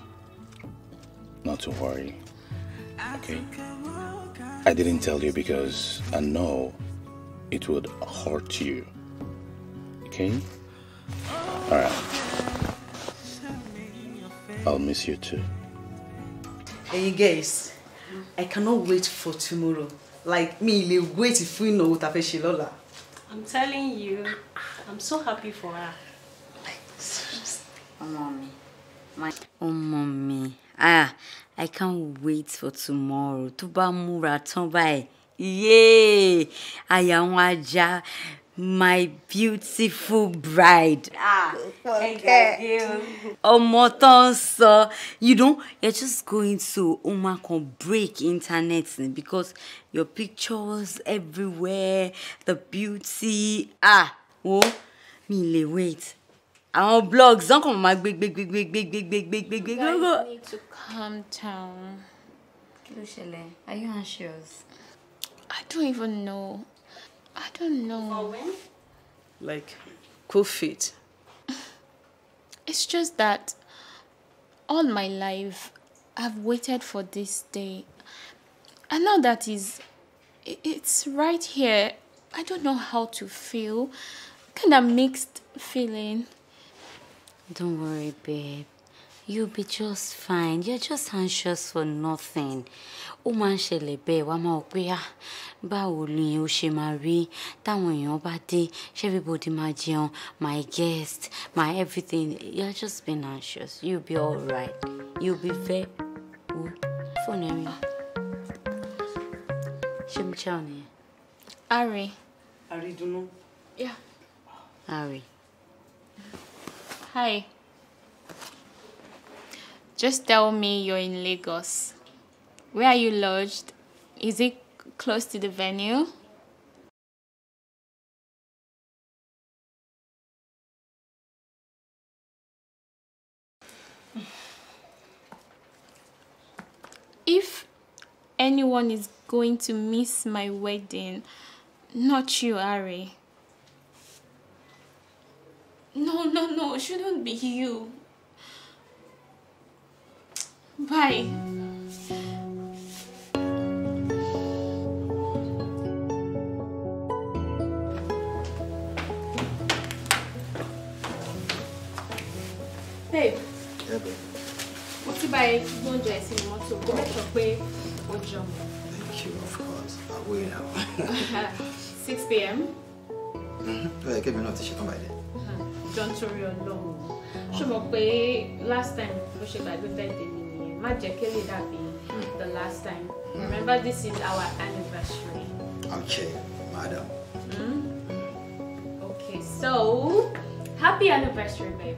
Not to worry. Okay? I didn't tell you because I know it would hurt you. Okay? Alright. I'll miss you too. Hey guys, I cannot wait for tomorrow. Like me, le wait if we know what I've Lola. I'm telling you, I'm so happy for her. Like seriously, ọmọ mi, my oh mommy. Ah, I can't wait for tomorrow. Tó bá múra Yay! Àyà wọn á my beautiful bride. Ah, okay. ọmọ tó ń you know you're just going to ó can break internet because your pictures everywhere the beauty ah oh, mi lè wait Our blogs don't come. My big, big, big, big, big, big, big, big, big, big, big. you need to calm down. are you anxious. I don't even know. I don't know. For when? Like, cool feet. It's just that all my life I've waited for this day. And now that is, it's right here. I don't know how to feel. Kind of mixed feeling. Don't worry, babe. You'll be just fine. You're just anxious for nothing. Ó máa ń ṣẹlẹ̀ bẹ́ẹ̀ wá máa pé ah báwo ni o ṣe máa rí táwọn èèyàn bá dé everybody máa my guest my everything you're just being anxious you'll be alright you'll be very wo fóònù ẹ̀rín Shem mo Ari. ọ̀nà yẹn. Ari. Ari dunu. Yeah. Ari. Hi. Just tell me you're in Lagos. Where are you lodged? Is it close to the venue? If anyone is going to miss my wedding, not you, Ari. No, no, no, it shouldn't be you. Bye. mo ti bá ẹ kí gbọ́njọ ẹ sínú mọ́tò kó mẹ́tọ̀ pé ó jọmọ. Thank you, of course. I will now. 6 p.m. Bẹ́ẹ̀ kébì náà ti ṣetán báyìí. John torí ọlọ́run. Ṣé mo pé last time mo ṣe gbàgbé bẹ́ẹ̀ dé Majekele that be the last time. Mm. Remember, this is our anniversary. Okay, madam. Mm. Okay, so happy anniversary, babe.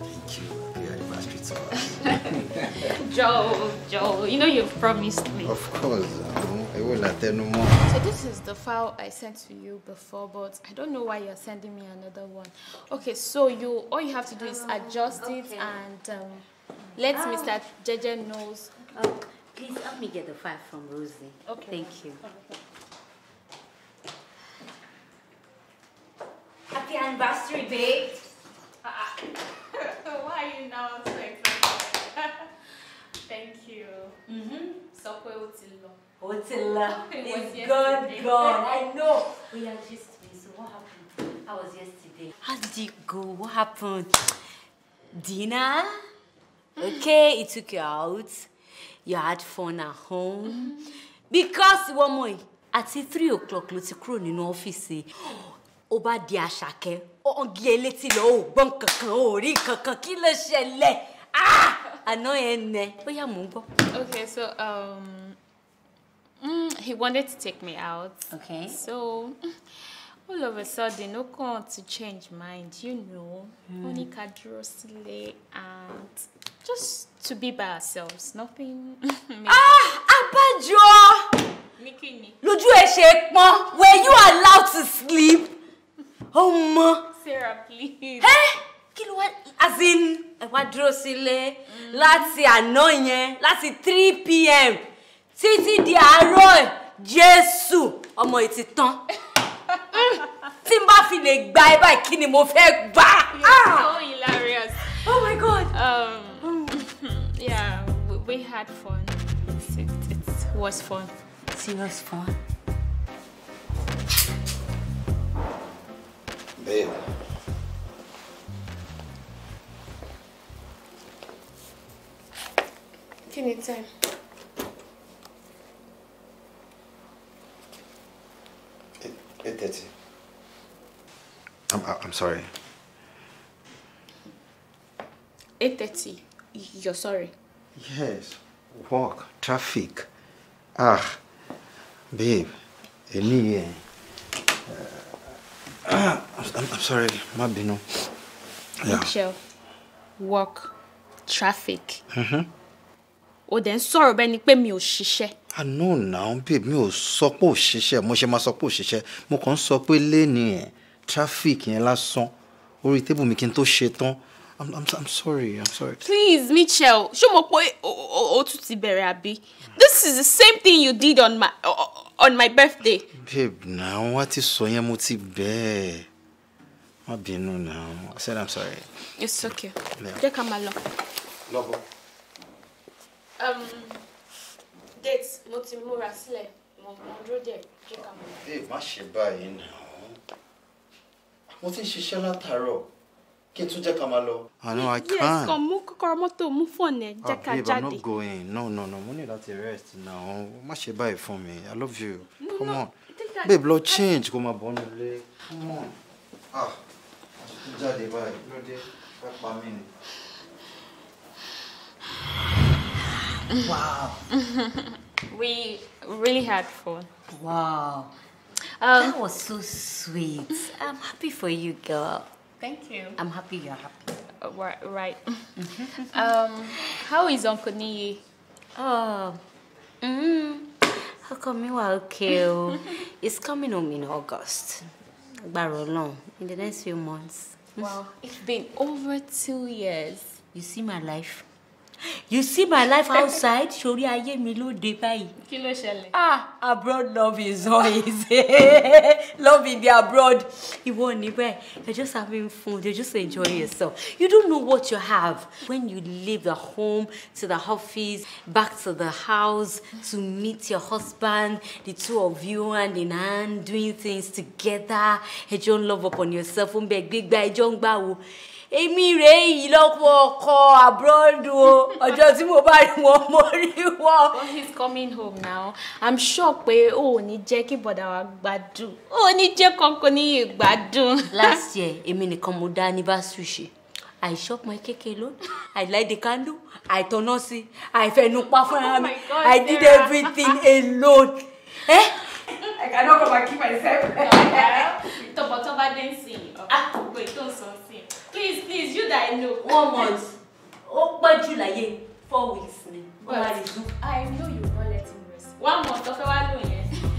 Thank you. Happy anniversary to us. Joe, Joe, you know you've promised me. Of course. Uh, I will tell no more. So this is the file I sent to you before, but I don't know why you're sending me another one. Okay, so you all you have to do is ah, adjust um, okay. it and. Um, let oh. Ah. Mr. Jeje knows. Oh, please help me get the file from Rosie. Okay. Thank you. Okay. Happy anniversary, babe. Ah. Why are you now so excited? Thank you. Mm-hmm. So Otila. It's gone, gone. I know. We are just so what happened? How was yesterday? How did it go? What happened? Dinner? okay he took you out you had fun at home because ìwọ ọmọ yìí àti three o'clock ló ti kúrò nínú ọ́fíìsì ó bá di àṣàkẹ́ ọ̀gì elétí lọ ò gbọ́n kankan ò rí kankan kí ló ṣẹlẹ̀ ah! àná ẹ̀ nẹ ó yá mò ń gbọ́. okay so um, mm, he wanted to take me out. okay so. all of a sudden no come to change mind you know mm. ó ní ká dúró sílé and Just to be by ourselves, nothing. ah, Abájọ! Nikini. Lójú ẹ ṣe pọ́n. Were you allowed to sleep? Ọmọ. Sarah, please. Eh? Kí ló as in ẹ wá dúró sílé mm. láti àná yẹn 3 p.m. títí di àárọ̀ Jésù ọmọ Omo ti tán. Tí n bá fi lè gba ẹ báyìí kí ni mo fẹ́ gbà? You're so hilarious. Oh my God. Um, yeah, we, we had fun. it, it was fun. It was fun. Babe. Do you need It, it, that's it. I'm, I'm sorry. 8.30. You're sorry. Yes. Work, traffic. Ah, babe, Eli. Uh, I'm, I'm sorry, má bínú. Yeah. Michelle, work, traffic. Mm-hmm. O dẹ̀ ń sọ̀rọ̀ bẹ́ẹ̀ ni pé mi ò ṣiṣẹ́. babe mi ò sọ pé ò ṣiṣẹ́ mo ṣe máa sọ pé ò ṣiṣẹ́ mo kàn ń sọ pé lẹ́ni ẹ̀ traffic yẹn lásán orí tébù mi to n tó I'm, I'm, I'm sorry, I'm sorry. Please, Mitchell, show me pé o tún ti This is the same thing you did on my on my birthday. Babe, now what is sọ yẹn mo be bẹ́ẹ̀. Má bínú now. I said I'm sorry. It's okay. Jẹ́ ká máa Love Lọ́bọ̀. Um, date mo ti múra sílẹ̀, mo dúró Babe, má ṣe báyìí now. Mo ti ń kí n tún jẹ́ ká máa lọ. i can't. yes come mú come to mú phone, ẹ̀ jẹ́ ah, babe i'm not going no no no mo ní láti rest now Ma she buy for me. i love you come no. on babe lọ change kó máa bọ́ nílé come on ah jáde báyìí lóde fẹ́ pa mí ni. wow. we really had fun. wow. Um, that was so sweet. I'm happy for you, girl. Thank you. I'm happy you're happy. Uh, right. um, how is Uncle Niyi? Oh, mm, how come you are okay? Oh? He's coming home in August. long in the next few months. Wow, it's been over two years. You see my life? you see my life outside sori ayé mi ló dé báyìí. kí ló ṣẹlẹ̀. ah abroad love is always love in the abroad. ìwọ níbẹ̀ you're just having fun you're just enjoying yourself you don't know what you have when you leave the home to the office back to the house to meet your husband the two of you hand in hand doing things together ẹjọ́ ń love upon yourself ó ń bẹ gbégbá ẹjọ́ ń gbà wo èmi rèé yìí lọ́pọ̀ ọkọ̀ o ọjọ́ tí mo bá rí wọn mo rí wọn. but he's coming home now i'm sure pé o ò ní jẹ́ kí bọ̀dà wa gbádùn o ò ní jẹ́ kankan ní ìgbádùn. last year èmi nìkan mo dá ní ṣe I shop my cake alone. I light the candle. I turn on see. I fẹnu pa oh mi. I did everything alone. Eh? I cannot come and keep myself. Tọ́pọ̀tọ́ bá dé ah. sí i, ọ̀pọ̀ ètò sọ̀rọ̀ please please you that I know. one month ó pẹ́ jù láyé four weeks ni. but I know you won't let him rest. one month ọ̀fẹ́ wa lò yẹn.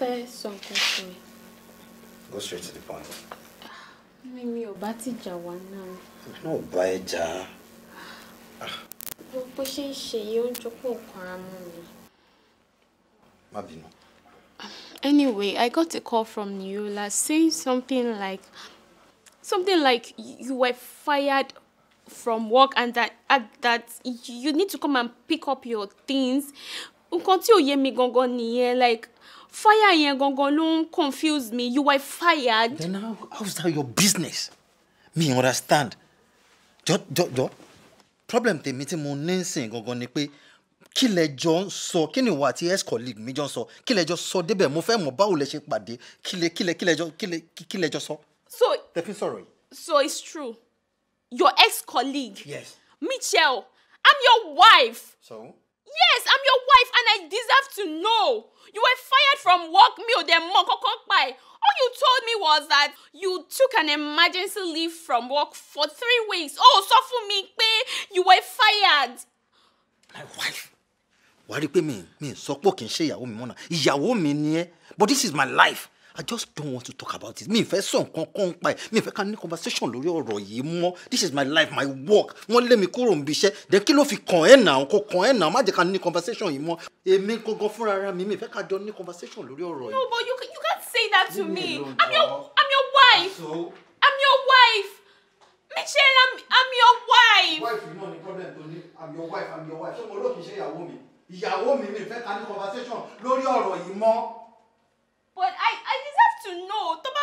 fẹ́ sọ nǹkan fún mi. Go straight to the point. Mi mi ò bá ti jà wá náà. Mi náà ò bá ẹ jà ah. Bó ṣe ń ṣe yìí, ó ń jọ́pọ̀ nǹkan ara mú mi. Má bínú. Anyway, I got a call from Neola saying something like something like you were fired from work and that uh, that you need to come and pick up your things nǹkan tí ò yé mi gangan nìyẹn like fire yẹn gangan ló ń confuse me you were fired. then how how's that your business me understand jọ jọ jọ problem tèmi tí mo ní sìn gangan ni pé kí lẹ jọ ń sọ kí ni ìwà àti ex-colleague mi jọ ń sọ kí lẹ jọ sọ débẹ̀ mo fẹ́ mọ̀ báwo lẹ ṣe pàdé kí lẹ kí lẹ kí lẹ jọ kí lẹ kí lẹ sọ. so tẹfí sọ̀rọ̀ yìí. so it's true your ex-colleague. yes. Michelle I'm your wife. so yes i'm your wife and i deserve to know you were fired from work mi ò dẹ̀ mọ̀ kọ́kọ́ pa all you told me was that you took an emergency leave from work for three weeks Oh, sọ fún mi pé you were fired. my wife why á rí i Me mi mi sọ pé kì í ṣe ìyàwó mi mọ́nà but this is my life I just don't want to talk about it. Mi fẹ́ sọ nǹkan kan pa ẹ̀. Mi fẹ́ ká ní conversation lórí ọ̀rọ̀ yìí mọ́. This is my life, my work. Wọ́n lé mi kúrò níbi iṣẹ́. Then kí ló fi kàn ẹ́ nà? Kò kàn ẹ́ nà. Má jẹ́ ká ní conversation yìí mọ́. Èmi gangan fúnra ra mi. Mi fẹ́ ká jọ ní conversation lórí ọ̀rọ̀ yìí. No, but you, you can't say that to me. I'm your, I'm your wife. I'm your wife. Michelle, I'm, I'm your wife. Wife, you know the problem to me. I'm your wife, I'm your wife. Ṣé mo lókè ṣe ìyàwó mi? Ìyàwó mi mi fẹ́ ká ní conversation lórí ọ̀rọ̀ yìí mọ́ but I I deserve to know tó bá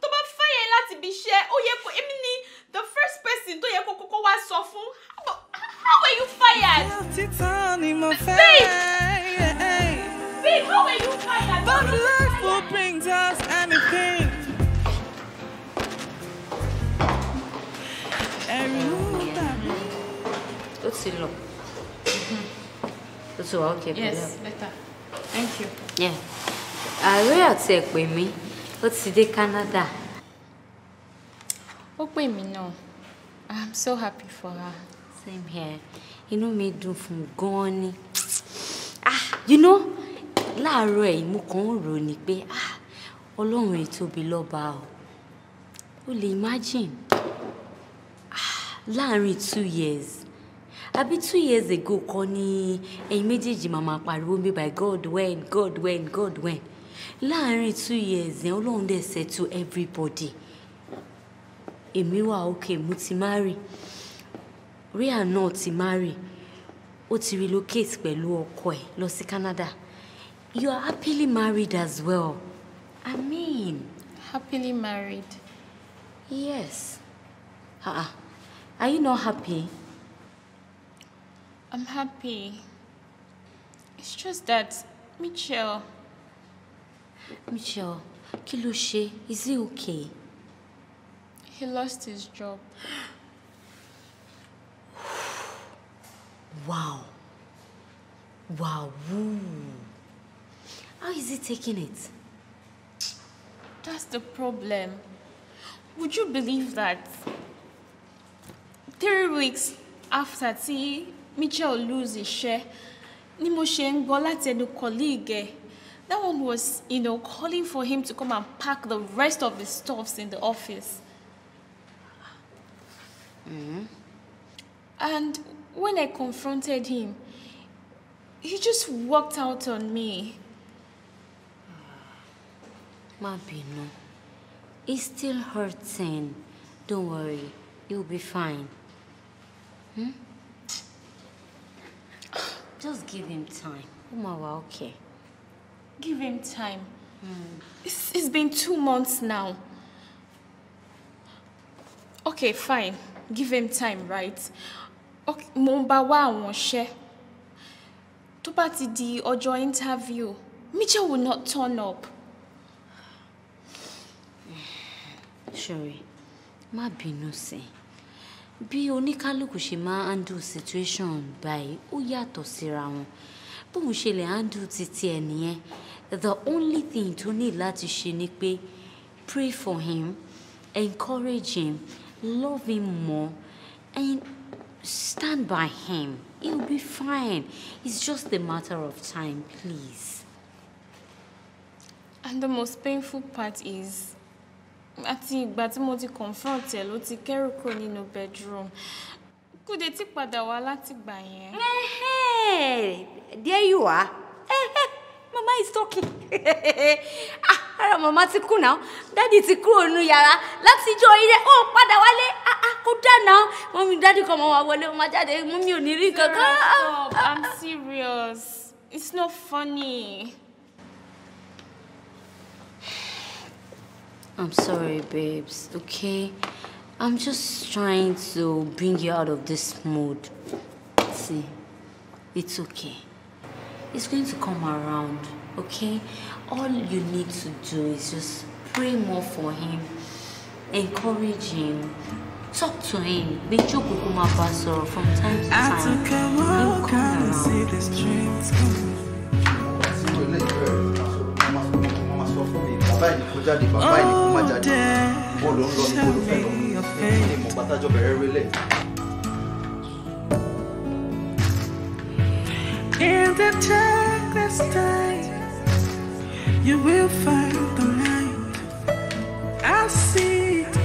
tó bá fẹ́ yẹn láti ibi iṣẹ́ ó yẹ kó èmi ni the first person tó yẹ kó kókó wá sọ fún how were you fired. babe babe how were you fired. but life will bring us anything. ó ti lọ mhm. ó ti wà ókè pẹ̀lú. yes better thank you. Yeah àárẹ̀ àti ẹ̀ pè mí ó ti dé Canada. ó pè mí náà I'm so happy for her. same here inú mi dùn fún gan-an ni ah you know láàárọ̀ ẹ̀ mo kàn ń rò ní pé ah ọlọ́run ìtóbi lọ́ba o o lè imagine ah láàárín two years àbí two years ago kọ́ ni ẹ̀yin méjèèjì màmá pariwo mi by God when God when God when láàárín two years yẹn ọlọ́run dẹ̀ to everybody èmi wà okay mo ti marry ríà náà ti marry ó ti relocate pẹ̀lú ọkọ ẹ̀ lọ sí Canada you are happily married as well I mean. happily married. yes. Uh-uh. Are you not happy? I'm happy. It's just that, Mitchell, Michelle, kí ló Is he okay? He lost his job. wow. Wow. How is he taking it? That's the problem. Would you believe that? Three weeks after tí Mitchell lose his share, ni mo ṣe ń colleague that one was, you know, calling for him to come and pack the rest of his stuffs in the office. Mm -hmm. And when I confronted him, he just walked out on me. Mabino, it still hurting. Don't worry, you'll be fine. Hmm? Just give him time. Umawa, okay. Give him time. Mm. It's, it's been two months now. Okay, fine. Give him time, right? Okay, mo ń bá wá ti di ọjọ́ interview, Mitchell will not turn up. Sorry, ma bínú sí i. Bí oníkálukú ṣe máa handle situation by ó yàtọ̀ síra tóun ṣe lè handle titi ẹ̀ nìyẹn the only thing tó ní láti ṣe ni pé pray for him encourage him love him more and stand by him he'll be fine it's just a matter of time please. and the most painful part is àti ìgbà tí mo ti confront ẹ ló ti kẹ́rù kúrò nínú bedroom kò dé tí padà wá látìgbà yẹn. there you are hey, mama is talking ah ara mama ti kú náà dádì ti kúrò nínú yàrá látijọ́ ilé ó padà wálé ah ah kó dáná mọ́mí dádì kan mọ́ wa wọlé wọ́n máa jáde mọ́mí ò ní rí kankan. Ah, ah. i'm serious it's not funny. i'm sorry babes okay. I'm just trying to bring you out of this mood. See, it's okay. It's going to come around, okay? All you need to do is just pray more for him, encourage him, talk to him. come Kukuma Baso from time to time. He'll come around. Oh, dear mo In the darkness night, you will find the light. I see it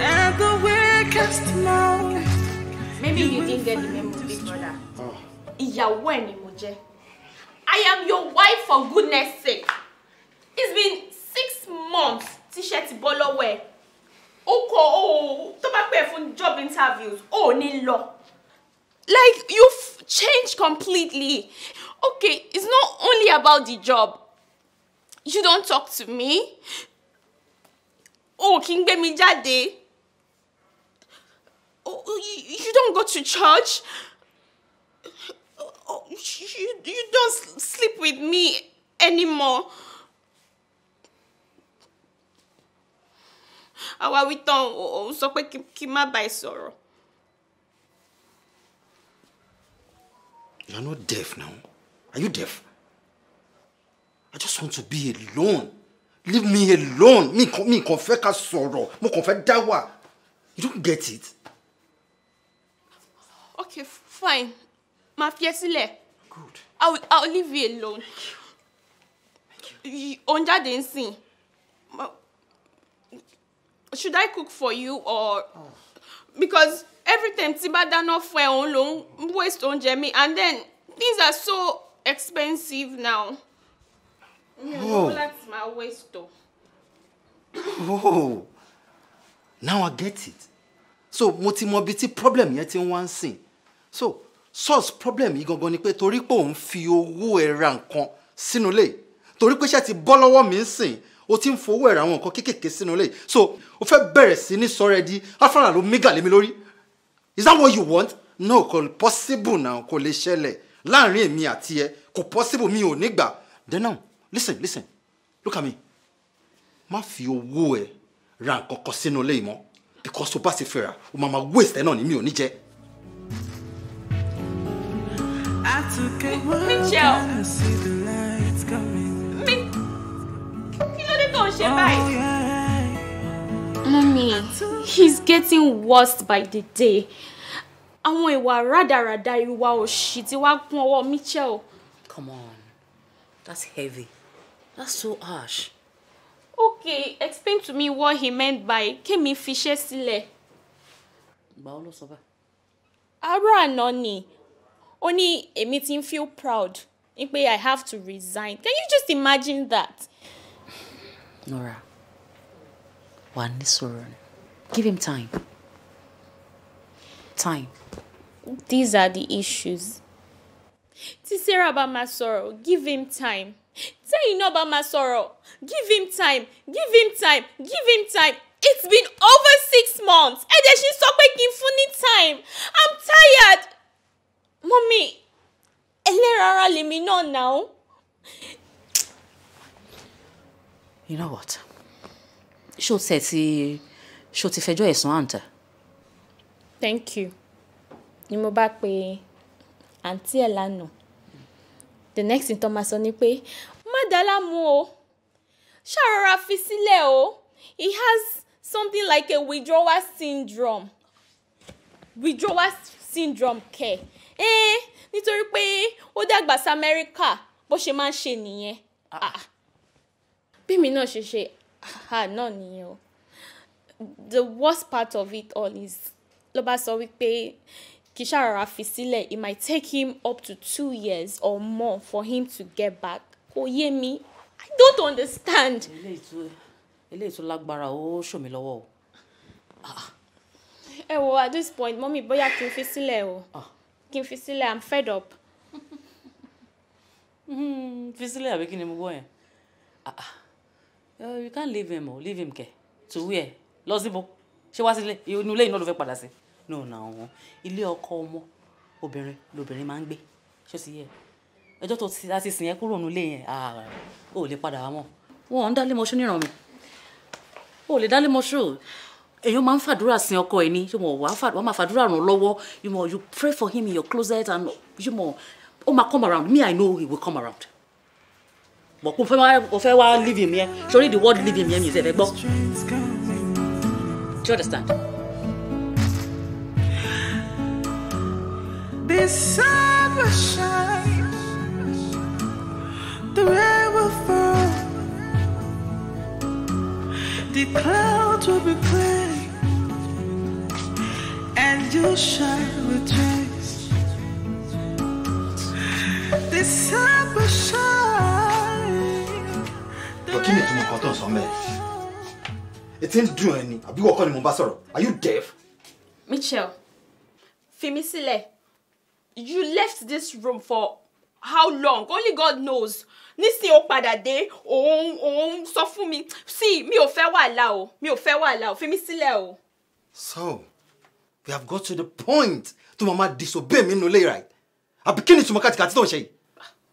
at the weakest moment. Maybe you, you didn't get the memo, big brother. Ìyàwó ẹ̀ ni mo I am your wife for goodness sake. It's been six months tíṣẹ́ ti bọ́ lọ́wọ́ ẹ̀ ó kọ ó tó bá pè fún job interviews ó ní lọ. like you've changed completely okay it's not only about the job you don't talk to me o kì í gbé mi jáde you don't go to church you, you don't sleep with me anymore. àwa wí tán òun sọ pé kí n má bá ẹ sọ̀rọ̀. You are not deaf now. Are you deaf? I just want to be alone. Leave me alone. Mi kàn mi kàn fẹ́ ká sọ̀rọ̀. Mo kàn fẹ́ dá wà. You don't get it. Okay, fine. Má fi ẹ́ sílẹ̀. Good. I will, leave you alone. Thank you. Òun jáde ń sìn should I cook for you or oh. because every time Tiba done off fún own òun waste on mi and then things are so expensive now. mi ò lówó láti waste oh now I get it so mo ti problem yet in one wá so source problem yìí gangan ni pé torí pé òun fi owó ẹ ra nǹkan sínú ilé torí pé iṣẹ́ ti bọ́ lọ́wọ́ mi ń o ti ń fowó ẹ̀rọ àwọn nǹkan kéékèèké sínú ilé so o fẹ́ bẹ̀rẹ̀ sí ní sọ̀rọ̀ ẹ di afárá ló mí gàlémi lórí is that what you want? no kò possible na kò lè ṣẹlẹ̀ láàrin èmi àti ẹ kò possible mi ò ní gbà then now listen listen look at me má fi owó ẹ ra nǹkan kan sínú ilé ìmọ̀ because tó bá ti fẹ́ ra o máa ma waste ẹ náà ni mi ò ní jẹ. Michelle. ṣe báyìí. Mommy, he's getting worse by the day. Àwọn ìwà rádaràda ìwà òṣì shit. wàá kún ọwọ́ Mitchell. Come on, that's heavy. That's so harsh. Okay, explain to me what he meant by "kemi fiṣẹ́ sílẹ̀. Gbà ó ló sọ bá. Ará àná ni, ó ní feel proud ní I have to resign. Can you just imagine that? Nora, one ní sùúrù Give him time. Time. These are the issues. Tí Sarah bá máa give him time. Tẹ́yìn náà bá máa sọ̀rọ̀, give him time, give him time, give him time. It's been over six months. and ṣì ń sọ pé kí time. I'm tired. Mọ́mí, ẹlẹ́ran let me know now you know what ṣó tẹ̀ ti ṣó ti fẹjọ́ ẹ̀sùn àǹtà. thank you ni mo bá pe àǹtí ẹ̀ lánàá the next thing tó máa sọ ni pé má o ṣàrọ̀ra fi sílẹ̀ o he has something like a withdrawal syndrome withdrawal syndrome kẹ̀ ẹ́ eh, nítorí pé ó dàgbà sí Amẹ́ríkà bó ṣe máa ń ṣe nìyẹn. Ah. Ah bí èmi náà ṣe ṣe ha náà nìyẹn o the worst part of it all is ló bá sọ wípé kì í ṣàrara fi sílẹ̀ it might take him up to two years or more for him to get back kò yé mi i don't understand. eléyìí tó lágbára ó ṣòmí lọ́wọ́ o. ẹ wo at this point mọ́mí bóyá kí n fi sílẹ̀ o ah. kí n fi sílẹ̀ i'm fed up. Hmm, fi sílẹ̀ àbí kí ni mo gbọ́ yẹn. Ah, ah. Eh, you can't leave him o leave him kẹ to where lọ síbo ṣé wá sílé inú ilé iná ló fẹ́ padà sí no na wọn ilé ọkọ ọmọ obìnrin lobìnrin máa ń gbé ṣé ó ti yẹ ẹjọ́ tó ti láti sìn yẹn kúrò nílé yẹn ò lè padà wá mọ́ wọn ò ń dálé mọ́ṣú níran mi ò lè dálé mọ́ṣú èèyàn máa ń fàdúrà sin ọkọ ẹ ní yóò mọ wàá máa fàdúrà ràn lọ́wọ́ you mọ you pray for him in your closet and you mọ ó máa come around me i know he will come around. mọ̀ pé o fẹ́ wá leave him yẹn sórí the word leave him yẹn mi ìfẹ́ fẹ́ gbọ́ do you understand. The sun will shine, the rain will fall, the clouds will be clear, and you shine with return. nǹkan tó ń sọ mẹ́ẹ̀. etí ń dùn ẹ ni àbí wọ́n ni mo bá sọ̀rọ̀ are you deaf. Mitchell fi mí sílẹ̀ you left this room for how long only God knows nísìnyí ó padà dé òun òun sọ fún mi sí mi ò fẹ́ wàhálà o mi ò fẹ́ wàhálà o fi mí sílẹ̀ o. so we have got to the point tó mama disobey mi nulẹ̀ right àbí kí ni túmọ̀ kàtìkàtì tó ń ṣe yìí.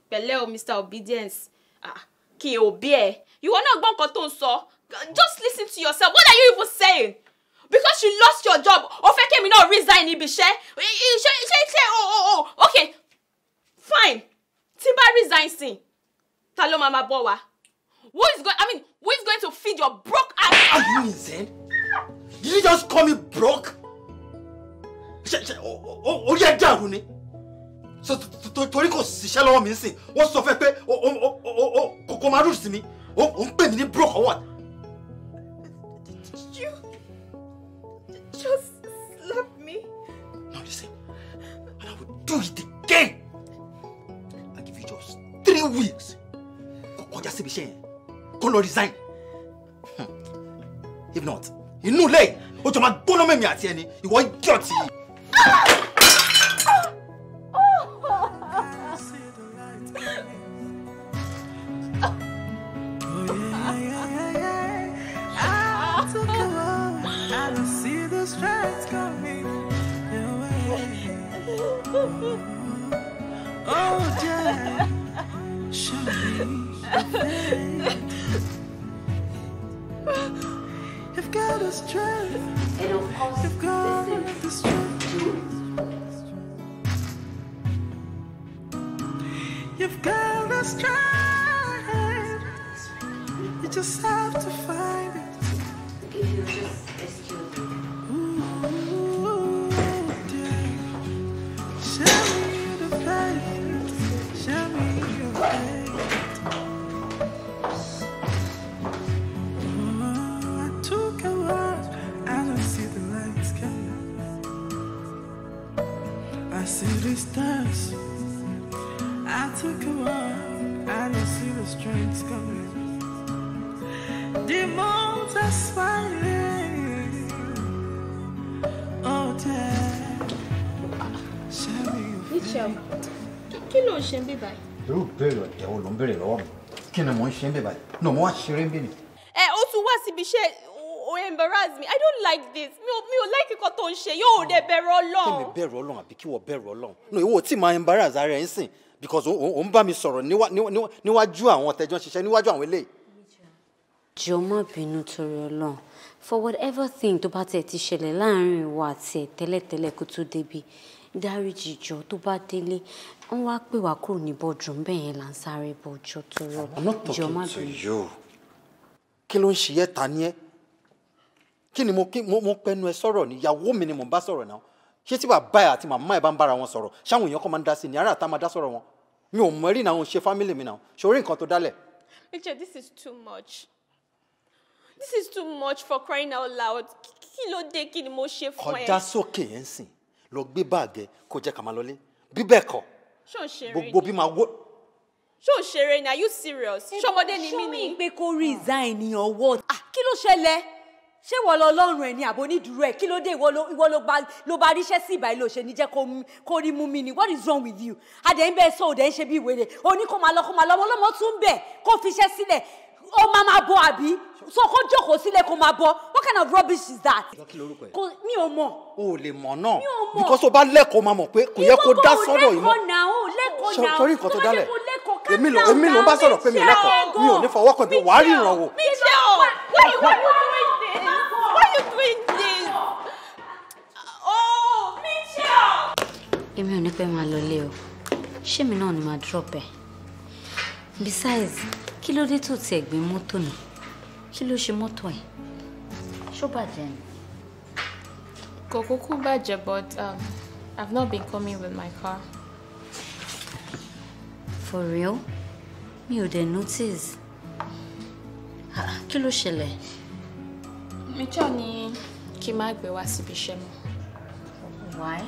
pẹ̀lẹ́ o Mr. Obedience ah, kí n òbí ẹ̀ You náà gbọ́ nǹkan tó ń sọ just listen to yourself what are you even saying because you lost your job o fẹ́ kí resign níbi iṣẹ́ ṣe ṣe ṣe o o o okay fine tí bá resign sin ta ló máa ma bọ́ wa who is going i mean who is going to feed your broke ass. are you insane did you just call me broke ṣe ṣe orí ẹ dàrú ni torí kò ṣiṣẹ́ lọ́wọ́ mi sìn wọ́n sọ fẹ́ pé kò máa rúùsì mi ò oh, ń pè mí ní broke or what. you just slap me? Now listen, and I will do it again. I give you just three weeks. Go síbi iṣẹ́ yẹn, Go no resign. If not, you inú lẹ́yìn, ó jọ máa gbóná mẹ́mí àti any. You jọ̀tì. Ah! ṣe ń bẹ̀ báyìí no mo wá ṣeré ń bẹ̀ mi. ẹ o tún wá síbi iṣẹ́ o embarrass me i don't like this mi ò mi ò like nǹkan tó ń ṣe yóò dé bẹ̀rù Ọlọ́run. kí mi bẹ̀rù Ọlọ́run àbí kí wọ́n bẹ̀rù Ọlọ́run no ìwọ tí máa embarrass ara ẹ̀ ń sìn because òun bá mi sọ̀rọ̀ níwájú àwọn ọ̀tẹ̀jọ́ ṣiṣẹ́ níwájú àwọn eléyìí. jọ̀ọ́ má bínú torí Ọlọ́run for whatever thing tó bá tẹ̀ ti ṣẹlẹ̀ láàrin ìwà àti ẹ̀ tẹ́lẹ̀tẹ́lẹ̀ kó tó débi dáríjì jọ̀ọ́ tó bá délé wọ́n wá pè wá kúrò ní bọ́ọ̀dùn bẹ́ẹ̀ yẹn là ń sáré bọ́jọ́ tó rọ ìjọ má bẹ̀rẹ̀. kí ló ń ṣe yẹ ta ni ẹ kí ni mo pẹnu ẹ sọ̀rọ̀ ni ìyàwó mi ni mo bá sọ̀rọ̀ náà ṣé tí bàbá ẹ àti màmá ẹ bá ń bára wọn sọ̀rọ̀ ṣáwọn èèyàn kan máa ń dá sí ni ara àtà máa dá sọ̀rọ̀ wọn mi ò mọ rí náà ń ṣe fámìlì mi náà ṣòrí nǹkan tó dálẹ̀. Richard, this is too much. This is too much for crying out loud. Kí ló dé kí ni mo ṣe fún ẹ? Kọjá sókè ẹ̀ sìn lọ gbé báàgì kó jẹ́ ká lọlé bí bẹ́ẹ̀ ṣé ò gbogbo bí màá wó. ṣé ṣeré ni are you serious ṣọmọdé ni mí ni. ṣé pé kó resign ní ọwọ́ ah, kí ló ṣẹlẹ̀ ṣé wọ́n lọ lọ́rùn ẹ̀ ní àbò onídùúró ẹ̀ kí ló dé ìwọ ló bá ríṣẹ́ sí ìbàyí ló ṣe ní jẹ́ kó rí mú mi ni what is wrong with you adẹ̀ ń bẹ́ẹ̀ sọ òdẹ̀ ń ṣe bí ìwé rẹ̀ oní máa lọ máa lọ ọmọ tún bẹ̀ kó fiṣẹ́ sílẹ̀ ó máa máa bọ àbí so kó jókòó sílẹ̀ kó máa bọ what kind of rubbish is that. kí lorúkọ yẹn. mi ò mọ̀. o ò lè mọ̀ náà. mi ò mọ̀ because o bá lẹ́kọ̀ọ́ máa mọ̀ pé kò yẹ kó dá sọ́dọ̀ yìí mọ́. ìkókò náà o lẹ́kọ̀ọ́ náà o tó bá jẹ́ kó lẹ́kọ̀ọ́ ká èmi ló èmi ló ń bá sọ̀rọ̀ pé mi ò lẹ́kọ̀ọ́ mi ò ní fọwọ́ kan bí wàá rí ìrànwọ́. mi ṣe o why you why you doing this why you doing this oh mi ṣe o. èmi ò ní pẹ́ máa lọ lé o ṣé mi náà ni máa drop ẹ̀ besides kí ló dé tó tiẹ̀ gbé mọ́tò náà kí ló ṣe mọ́tò ẹ̀ ṣó bàjẹ́ ni. kò kúkú bàjẹ́ but um, I've not been coming with my car. for real mi ò dé notice ah, kí ló ṣẹlẹ̀. Mitchell ni kí n má gbé wá síbi iṣẹ́ mọ́. why.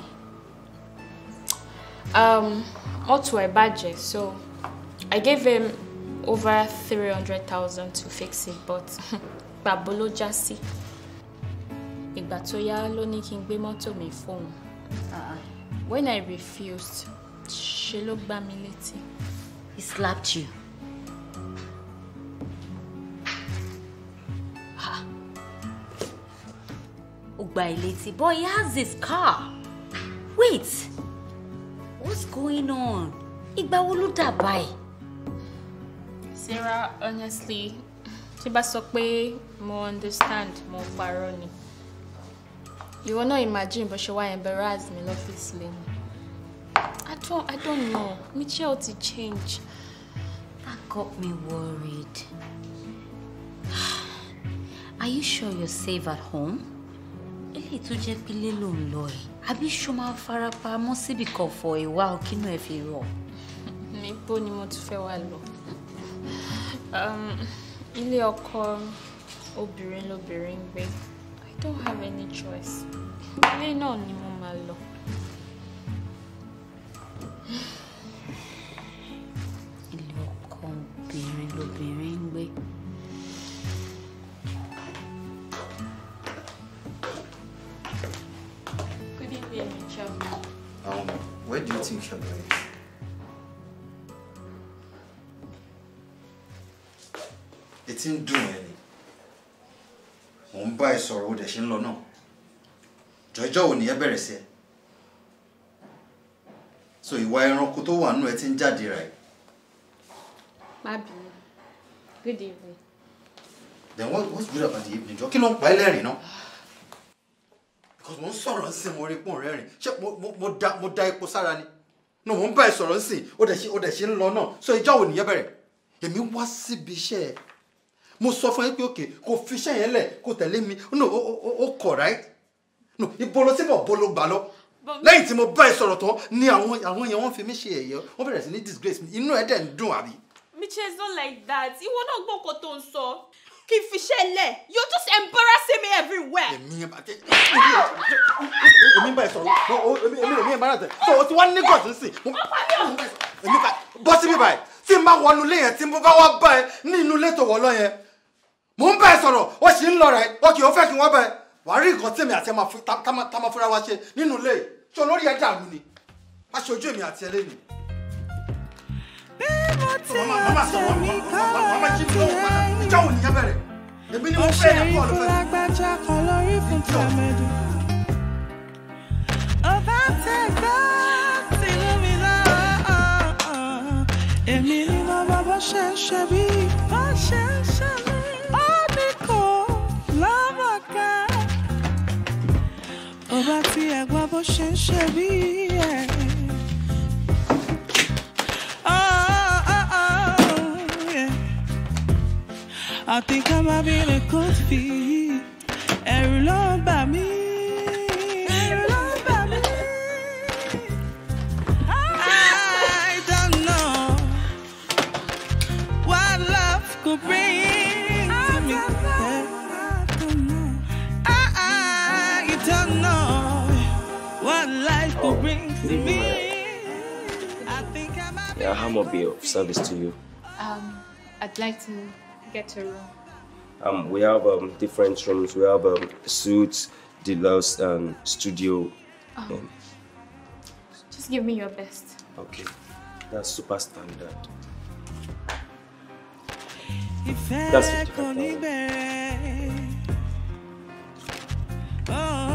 Um, mọ́tò ẹ̀ bàjẹ́ so I gave him over 300,000 to fix it but Babolo ló Igba toya ìgbà tó yá ló ní kí n mi fóun uh-uh. when I refused she ló gbá mi létí. he slapped you. ó gbá ẹ létí he has this car wait what's going on Igba wo ló dà báyìí. Sarah, honestly, tí bá sọ pé mo understand mo parọ́ ni. Ìwọ náà imagine bó ṣe wá embarrass me lọ́fíìsì lẹ́nu. I don't, I don't know. Michelle ti change. That got me worried. Are you sure you're safe at home? Eléyìí tó jẹ́ pé lélo ń lọ ẹ̀. Àbí ṣo máa fara pamọ́ síbìkan for a while ẹ̀ fi rọ̀? Níbo ni mo tún fẹ́ wá lọ? Um, ilé ọkọ obìnrin lobìnrin gbé I don't have any choice ilé náà ni mo máa lọ. ilé ọkọ obìnrin lobìnrin gbé. Um, where do you think you're going? etí ń dùn ẹ ni mò ń bá ẹ sọ̀rọ̀ ó dẹ̀ ṣe ń lọ náà jọjọ́ ò ní ẹ bẹ̀rẹ̀ sí ẹ so ìwà ẹranko tó wà nù ẹ ti ń jáde rà ẹ. má good evening. then what what's good about the evening jọ kí ló ń pa ẹ lẹ́rìn náà because mo ń sọ̀rọ̀ nsìn mo rí pọ́n rẹ́rìn ṣé mo da epo sára ni no mo ń bá ẹ sọ̀rọ̀ nsìn ó dẹ̀ ṣe ń lọ náà so ìjọ́ ò ní ẹ bẹ̀rẹ̀ èmi wá síbi iṣẹ́ ẹ mo sọ fún yín pé òkè kò fi iṣẹ́ yẹn lẹ̀ kò tẹ̀lé mi no ó kọ̀ right no ìbolo tí mo bolo gbà lọ lẹ́yìn tí mo bá ẹ sọ̀rọ̀ tán ni àwọn àwọn yẹn wọ́n fi mí ṣe ẹ̀yẹ wọ́n bẹ̀rẹ̀ sí ní disgrace mi inú ẹ̀ dẹ̀ ń dùn àbí. Mitchell is not like that ìwọ náà gbọ́ nǹkan tó ń sọ kì í fi iṣẹ́ lẹ̀ you just embarrass me everywhere. èmi ẹ bá tẹ èmi bá ẹ sọ̀rọ̀ èmi èmi ẹ tẹ so o ti wá ní gọ̀ọ́sì sí i bọ́sí bíbá ẹ tí n bá wọnú ilé yẹn tí n bá wá bá ẹ ní inú ilé tó wọ̀ lọ mò ń bẹ̀ sọ̀rọ̀ ó sì ń lọ rẹ̀ ó kì í ó fẹ́ kí wọ́n bẹ̀ wàá rí nǹkan tèmi àti ẹ̀ máa fúnra wa ṣe nínú ilé tí olórí ẹ̀ dàrú ni aṣojú èmi àti ẹlẹ́ni. bí mo ti rán tèmi kọ́ ìjà òní yẹn bẹ̀rẹ̀ èmi ni mo fẹ́ ẹ̀ pọ̀ lọ́fẹ́. ọ̀ṣẹ̀ ìfúnlágbájá kan lórí fún èmi ni mo bọ́ bó ṣe ń ṣe bíi. I bó ẹ̀. Ah, ah, ah, I think I might be in a cold feet. Ẹ̀rù ló ń Yeah, how might be of service to you? Um, I'd like to get a room. Um, we have um, different rooms. We have um, suites, deluxe, and studio. Oh. Just give me your best. Okay, that's super standard. That's 55,000.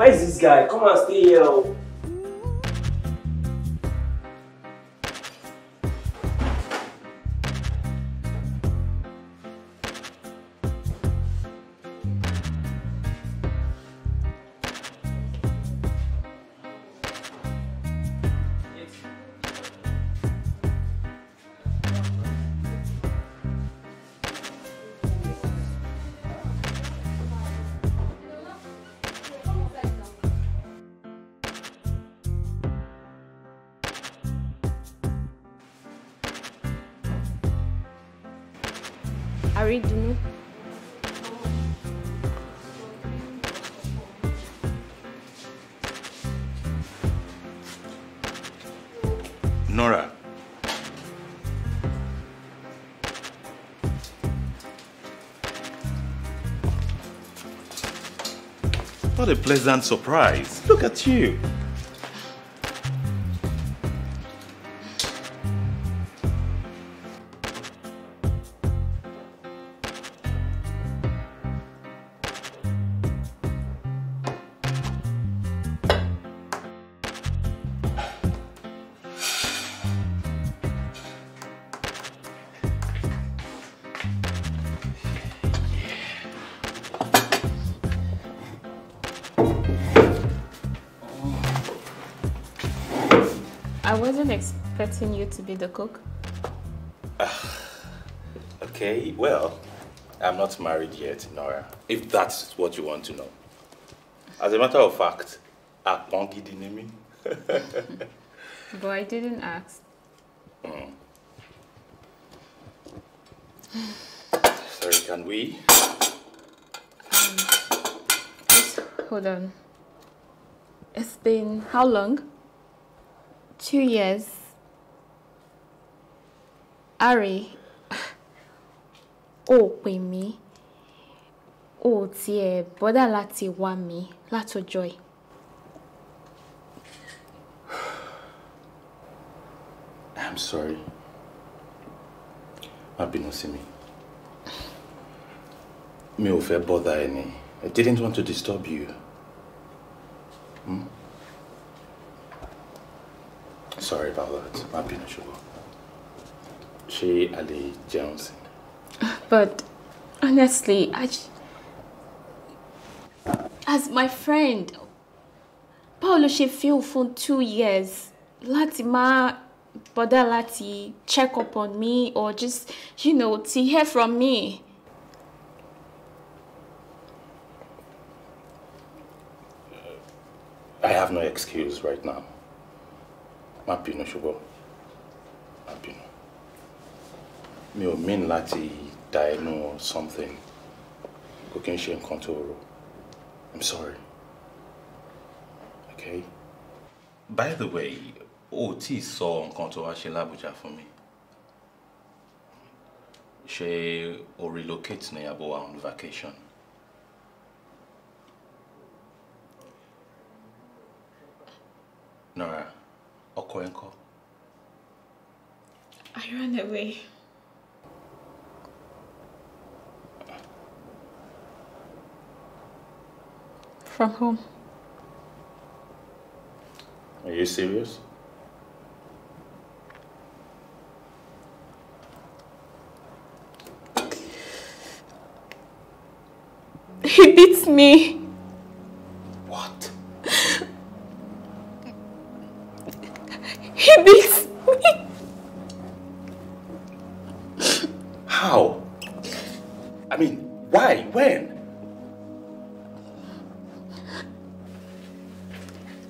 Where's this guy? Come and stay here. pleasant surprise. Look at you. wasn't expecting you to be the cook. okay, well, I'm not married yet, Nora, if that's what you want to know. As a matter of fact, Apongi Dinimi. but I didn't ask. Mm. Sorry, can we? Um, hold on. It's been how long? two years. Harry, o pè mí, o tiẹ̀ bọ́dà láti wá mi látọjọ́ joy. I'm sorry. Má bínú sí me. Me ò fẹ́ bother any. I didn't want to disturb you. Hmm? Sorry about that. My peanut sugar. She Ali Johnson. But honestly, as my friend, Paolo she feel for two years Latima má bother láti check up on me or just, you know, to hear from me. I have no excuse right now. má bínú ṣùgbọ́n má bínú mi ò mean láti da ẹnu something kò kí n ṣe nǹkan tó rò i'm sorry okay. by the way o tí ì sọ nǹkan tó wá ṣe lábújá fún mi ṣé o relocate ní àbò wa on vacation. Nora. ọkọ I ran away. From whom? Are you serious? He beats me. He How? I mean, why? When?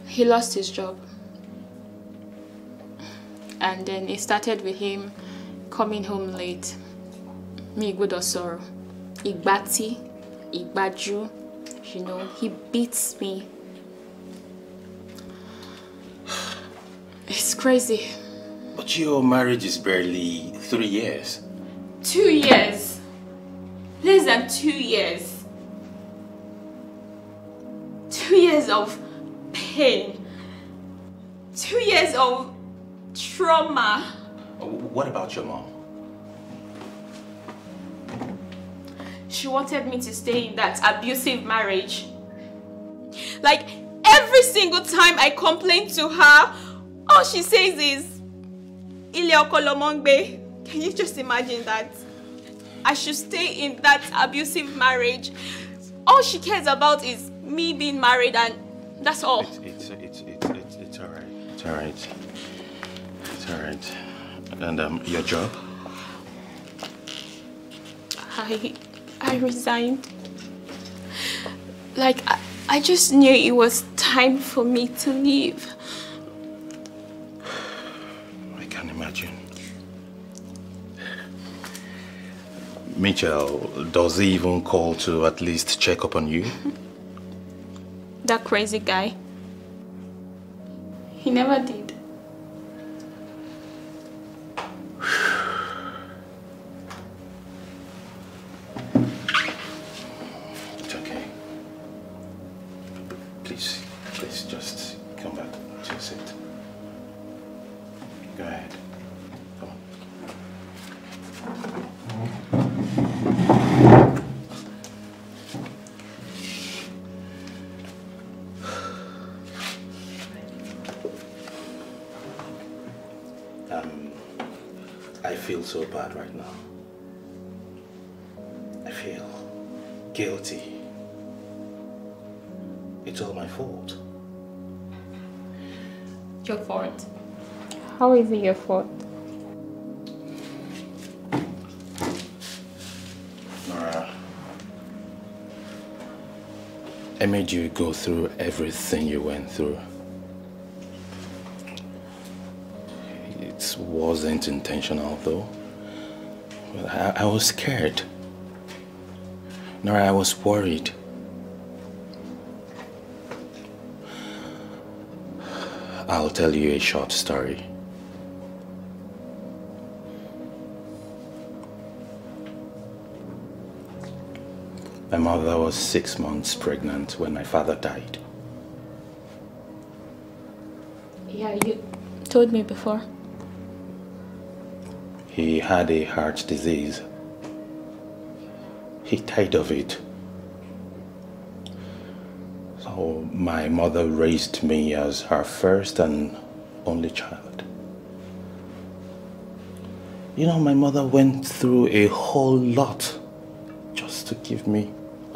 He lost his job. And then it started with him coming home late. Me good or sorrow. Igbati, Igbaju, you know, he beats me crazy. But your marriage is barely three years. Two years. Less than two years. Two years of pain. Two years of trauma. Uh, what about your mom? She wanted me to stay in that abusive marriage. Like, every single time I complained to her all she says is, Ile Kolomongbe, can you just imagine that? I should stay in that abusive marriage. All she cares about is me being married and that's all. It's, it's, it's, it's, it's, all right. It's all right. It's all right. And um, your job? I, I resigned. Like, I, I just knew it was time for me to leave. Mitchell, does he even call to at least check up on you? that crazy guy. He never did. here for. Nora, I made you go through everything you went through. It wasn't intentional though. I, I was scared. Nora, I was worried. I'll tell you a short story. My mother was six months pregnant when my father died. Yeah, you told me before. He had a heart disease. He died of it. So my mother raised me as her first and only child. You know, my mother went through a whole lot just to give me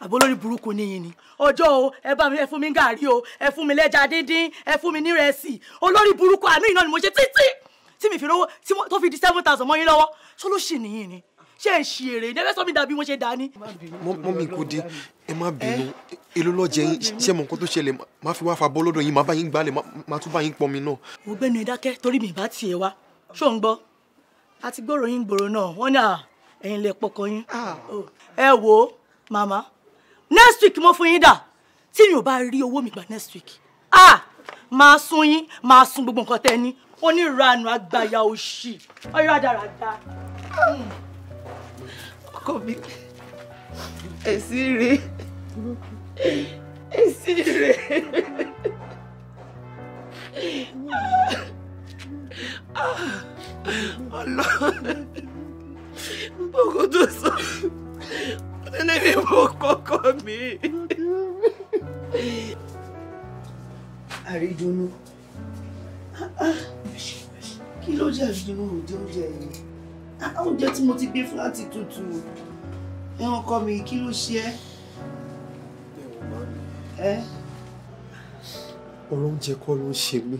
àbólórí burúkú níyìn ni ọjọ́ o ẹ bá mi ẹ fún mi gàrí o ẹ fún mi lẹ́ja díndín ẹ fún mi nírẹsì olórí burúkú àánú ìnáwó ni mo ṣe títí tí mi fi rówó tó fi di seven thousand mọ́ yín lọ́wọ́ ṣọlọ́ṣì níyìn ni ṣé ẹ ṣì èrè ní ẹ fẹ́ sọ mi dàbí mo ṣe dà ní. mọ mi kò dé ẹ má bínú èló lọ́jẹ̀ yín ṣé mo nǹkan tó ṣẹlẹ̀ má fi wá fa bọ́ lọ́dọ̀ yín má bá yín gbálẹ̀ má tún bá yín pọnmi náà. ògbẹ́ni ìdákẹ́ torí mi ìbá tiẹ̀ wá ṣó ń gbọ́ àti gbòòrò yín gbòòrò náà wọ́n ní à ẹ̀yin lè pọkọ yín. ẹ wo màmá next week mo fún yín dà tí mi ò bá rí owó mi gbà next week ah máa sun yín máa sun gbogbo nǹkan tẹ ní onírànù àgbàyà òṣì ọyọ àdàràdà. Hmm. ọkọ mi èsì rè èsì rè ah! ọlọ́run bókó tó sọ. Nene mi hmm. Hmm. mo kọ́kọ́ mi. Àrídùnnú. Kí ló jẹ́ àrídùnnú òde oúnjẹ yìí? Oúnjẹ tí mo ti gbé fún láti tutù. Ẹran kọ́ mi, kí ló ṣe ẹ́? Ẹ́. Ọ̀rọ̀ oúnjẹ kọ́ ló ń ṣe mí.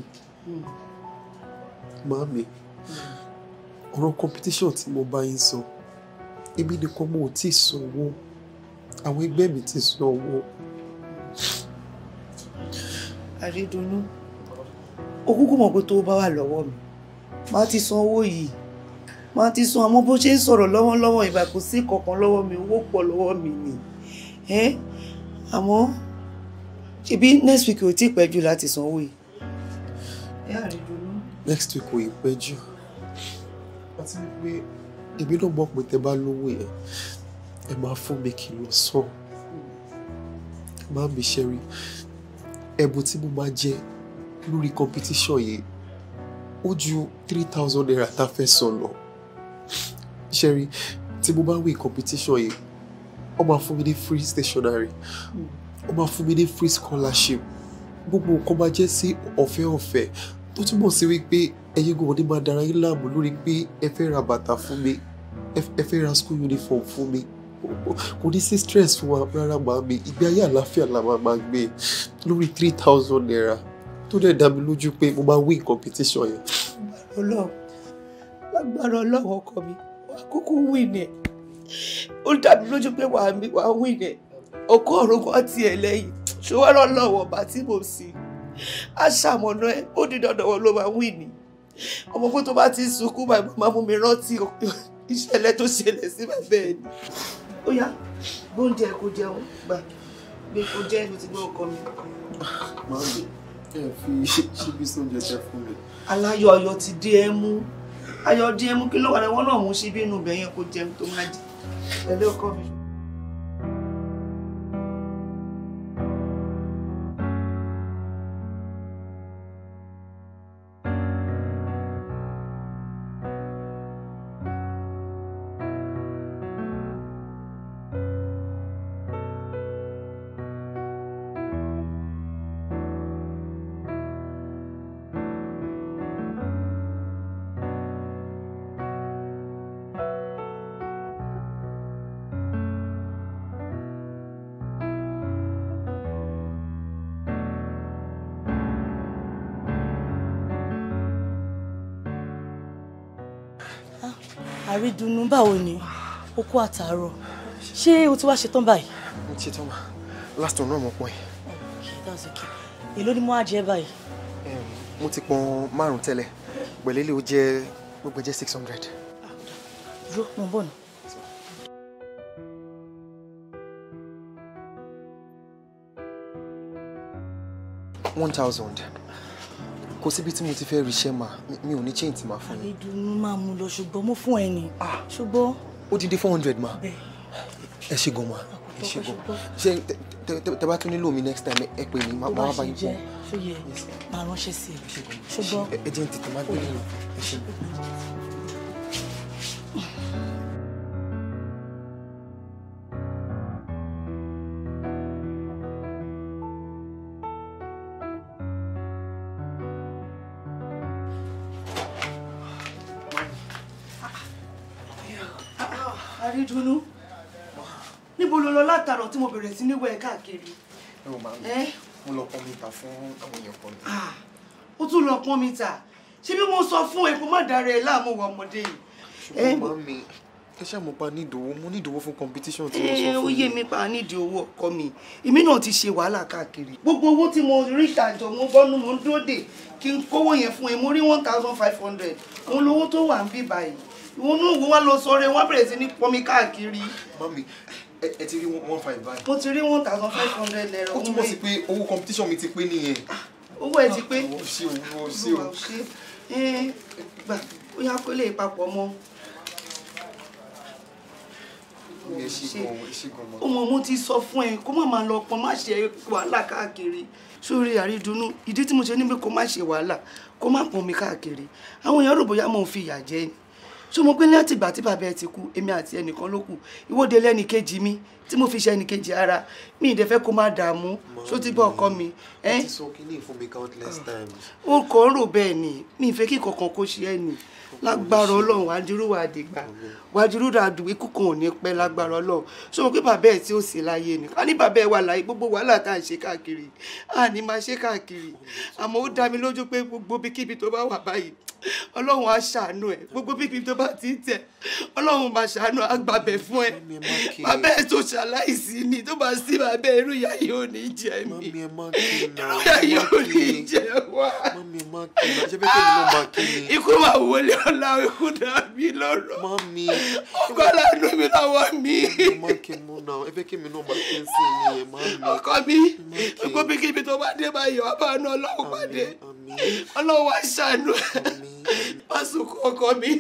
Màámi, competition tí mo bá yín sọ, ibi nìkan mo ò so ì sanwó àwọn ẹgbẹ́ mi ti sọ owó. àrídùnnú o kúkú mọ̀ pé tó bá wà lọ́wọ́ mi má ti san owó yìí má ti san àmọ́ bó ṣe ń sọ̀rọ̀ lọ́wọ́lọ́wọ́ ìgbà kò sí kankan lọ́wọ́ mi owó pọ̀ lọ́wọ́ mi ni àmọ́ ṣebí next week ò tí ì pẹ́jù láti san owó yìí. next week ò ì pẹ́jù àti wípé èmi náà mọ̀ pé tẹ́ bá lówó yẹn ẹ máa fún mi kí n lọ sàn máa mi ṣẹ́rí ẹ̀bùn tí mo máa jẹ lórí competition yẹn ó ju three thousand naira tá a fẹ́ sọ lọ ṣẹ́rí tí mo bá win competition yẹn ó máa fún mi ní free stationery ó máa fún mi ní free scholarship gbogbo nǹkan máa jẹ́ sí ọ̀fẹ́ ọ̀fẹ́ tó túmọ̀ sí wípé ẹ̀yin gan ni máa dára yín láàmú lórí pé ẹ fẹ́ ra bàtà fún mi ẹ fẹ́ ra school uniform fún mi kò ní sí stress fún wa rárá màá mi ìgbé ayé àlàáfíà la máa máa gbé lórí three thousand naira tó dẹ̀ dá mi lójú pé mo máa win competition yẹn. ọlọ́run lágbára ọlọ́run ọkọ mi wàá kúkú win ẹ̀ ó dá mi lójú pé wàá win ẹ̀ ọkọ ọ̀run kan tiẹ̀ lẹ́yìn ṣùgbọ́n ọlọ́run ọba tí mo sì aṣàmọ̀nà ẹ̀ ó di dandan wọn ló máa win ni ọmọ kó tó bá ti sunkún bàbá máa mú mi rántí ìṣẹ̀lẹ̀ tó ṣẹlẹ̀ sí bàbá ẹ̀ ni ó yá bóúnjẹ kò jẹun gbà gbé kò jẹ́ ibi tí gbọ́ ọkọ mi. màámi ẹ fi ṣíbí sóúnjẹ jẹ fún mi. aláyọ̀ ayọ̀ ti dé ẹ mú ayọ̀ dé ẹ mú kí ló wà lẹ́wọ́n náà mú ṣíbí inú ibẹ̀ yẹn kò jẹun tó máa jẹ pẹ̀lú ọkọ mi. ìdùnnú báwo ni o kú àtàárọ̀ ṣé o ti wá ṣetán báyìí. mo ti ṣetán ma last one náà mo pọn ẹ. okay that's okay èló ni mo á jẹ báyìí. mo ti pọn márùn tẹ́lẹ̀ pẹ̀lẹ́lẹ́ o jẹ gbogbo jẹ six hundred. yóò mo bọ̀ nù. one thousand kò síbi tí mo ti fẹ́ ríṣẹ́ mà mi ò ní change mà fún mi. àbẹ̀dùnú máa mú lọ ṣùgbọ́n mo fún ẹ ní. Ah. ṣùgbọ́n. ó ti di four hundred mà ẹ ṣe gan mà ẹ ṣe gan ṣe tẹ bá tún nílò mi next time ẹ pè mí máa wá bá yín pọ. ṣé yẹ máa ránṣẹ́ sí ẹ ṣùgbọ́n. ẹ jẹ́ ní tètè má gbé lẹ́yìn ẹ ṣe ìdùnnú níbo ló lọ látàrọ tí mo bẹ̀rẹ̀ sí níwẹ̀ káàkiri. ẹ wò màmí mo lọ pọn mi ta fún àwọn èèyàn kan mi. ó tún lọ pọn mi ta ṣé bí mo sọ fún epo má dára ẹ láàmú wà ọmọdé ṣùgbọ́n màmí ẹ ṣáà mo pa nídìí mo nídìí owó fún competition tí mo sọ fún yín. ó yé mi pa nídìí owó ọkọ mi èmi náà ti ṣe wàhálà káàkiri. gbogbo owó tí mo rí ṣàjọ mo bọ́nú mo ń dúró dè kí n kówó yẹn fún ẹ mo rí one thousand five hundred mo lówó tó wà ń bí báyìí ìwọnú òwò wá lọ sọ̀rọ̀ wọn bẹ̀rẹ̀ sí ní pọnmi káàkiri. mami ẹ ti rí one five báyìí. mo ti rí one thousand five hundred naira. ó túmọ̀ sí pé owó competition mi ti pé nìyẹn. owó ẹ ti pé. owó ṣe owó ṣe o. gbà ó yá kó lè papọ̀ mọ́. ọmọ mo ti sọ fún ẹ kó má máa lọ pọn má ṣe wàhálà káàkiri sórí àrídùnnú ìdí tí mo ṣe ní pé kó má ṣe wàhálà kó má pọn mi káàkiri àwọn èèyàn rò bóyá mò ń fi ìyà jẹ ni ṣó mo pé láti ìgbà tí bàbá ẹ ti kú èmi àti ẹnìkan ló kù ìwọ́de lẹ́nìkejì mi tí mo fi ṣe ẹnìkejì ara mi ìdẹ fẹ́ kó má dààmú ṣó ti bọ́ ọkọ mi. ó kàn ń rò bẹ́ẹ̀ ni mi ìfẹ́ kí kankan kó ṣe ẹ́ lágbára ọlọ́run wájúrú wà dìgbà wájúrú dàdùn ikú kan ò lágbára ọlọ́run ṣé pé bàbá ẹ̀ tí ó sì láyé ni ká ní bàbá ẹ̀ wà láyé gbogbo wàhálà tá à ń ṣe káàkiri à ní máa ṣe káàkiri àmọ́ ó dá mi lójú pé gbogbo bíkíbi tó bá wà báyìí ọlọ́run á ṣàánú ẹ̀ gbogbo bíkíbi tó bá ti tẹ̀ ọlọ́run máa ṣàánú àgbàbẹ̀ fún ẹ bàbá ẹ̀ tó ṣàláìsí ni tó bá sí bàbá irú ìyá yìí ò ní jẹ mí irú yìí ò ní jẹ wá ikú máa wọlé lọ́la ikú dà mí lọ́rọ̀. mọ mi. mi lọ́wọ́ mi. mo máa kí mú náà ẹ fẹ́ kí mi náà máa kí n sí ni ẹ máa ọkọ mi gbogbo bí kíbi tó bá dé báyìí wàá bá àánú ọlọ́run pàdé ọlọ́run wàá ṣàánú ọkọ mi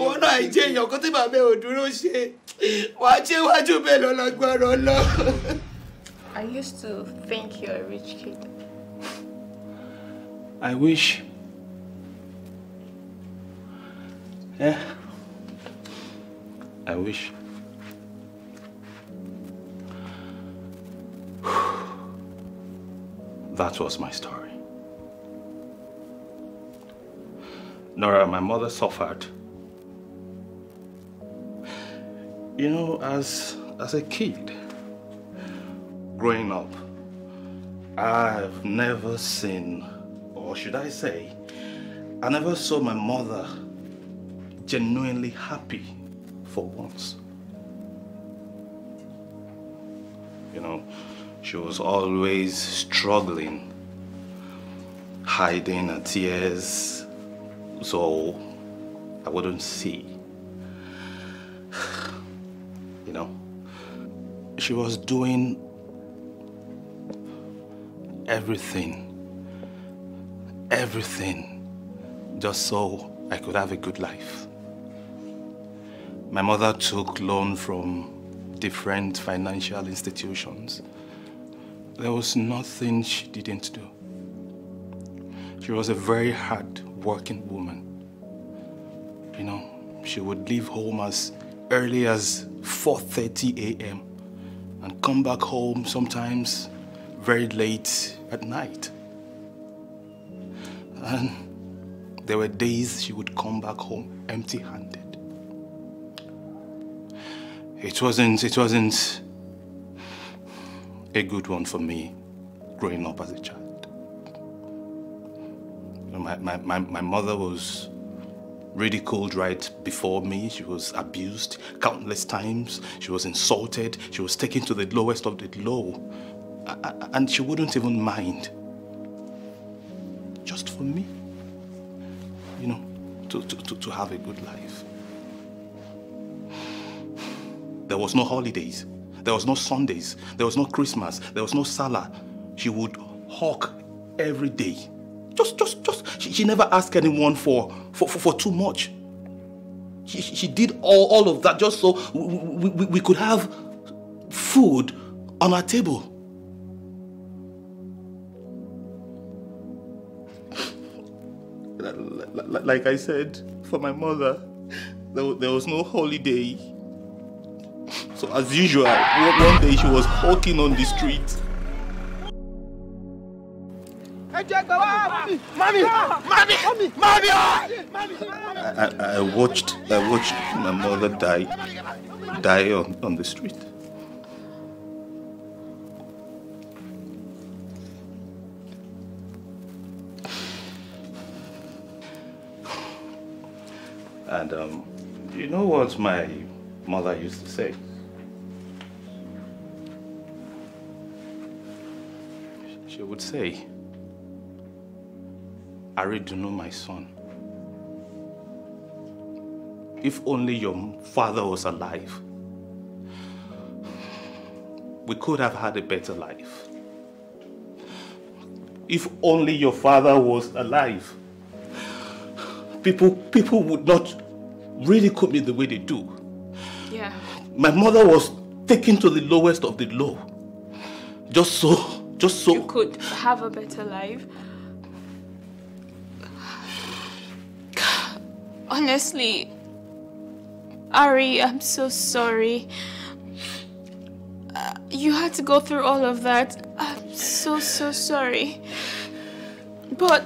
owó náà jẹ́ èèyàn kó tí bàbá ò dúró ṣe wàá jẹ́ iwájú bẹ́ẹ̀ lọ́lọ́gbọ́rọ̀ lọ. I used to think you're a rich kid. I wish Yeah. I wish. That was my story. Nora, my mother suffered. You know, as, as a kid, growing up, I've never seen, or should I say, I never saw my mother genuinely happy for once. You know, she was always struggling, hiding her tears, so I wouldn't see. you know, she was doing everything, everything, just so I could have a good life. My mother took loan from different financial institutions. There was nothing she didn't do. She was a very hard working woman. You know, she would leave home as early as 4.30 a.m. and come back home sometimes very late at night. And there were days she would come back home empty-handed. It wasn't, it wasn't a good one for me growing up as a child. My, my, my, my mother was ridiculed right before me. She was abused countless times. She was insulted. She was taken to the lowest of the low. And she wouldn't even mind. Just for me, you know, to, to, to, to have a good life. There was no holidays. There was no Sundays. There was no Christmas. There was no Salah. She would hawk every day. Just, just, just. She, she never asked anyone for, for, for, for too much. She, she did all, all of that just so we, we, we could have food on our table. Like I said, for my mother, there was no holiday so as usual, one day she was hawking on the street. Mommy, mommy, mommy, mommy, I, I watched I watched my mother die die on, on the street. And um, you know what my mother used to say? she would say, I really do know my son. If only your father was alive, we could have had a better life. If only your father was alive, people, people would not really cook me the way they do. Yeah. My mother was taken to the lowest of the low, just so just so you could have a better life. Honestly, Ari, I'm so sorry. Uh, you had to go through all of that. I'm so, so sorry. But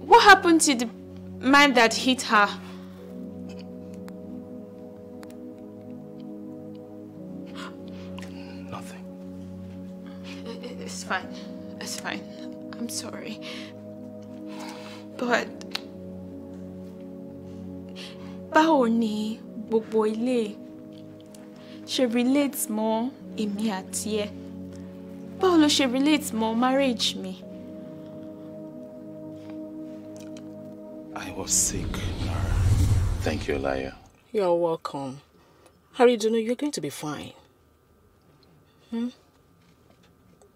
what happened to the man that hit her? I'm sorry. But báwo ni gbogbo ilé ṣe relate mọ́ èmi àti ẹ? Báwo ló ṣe relate marriage me. I was sick, Nara. Thank you, Elia. You're welcome. Haridunu, you're going to be fine. Hmm?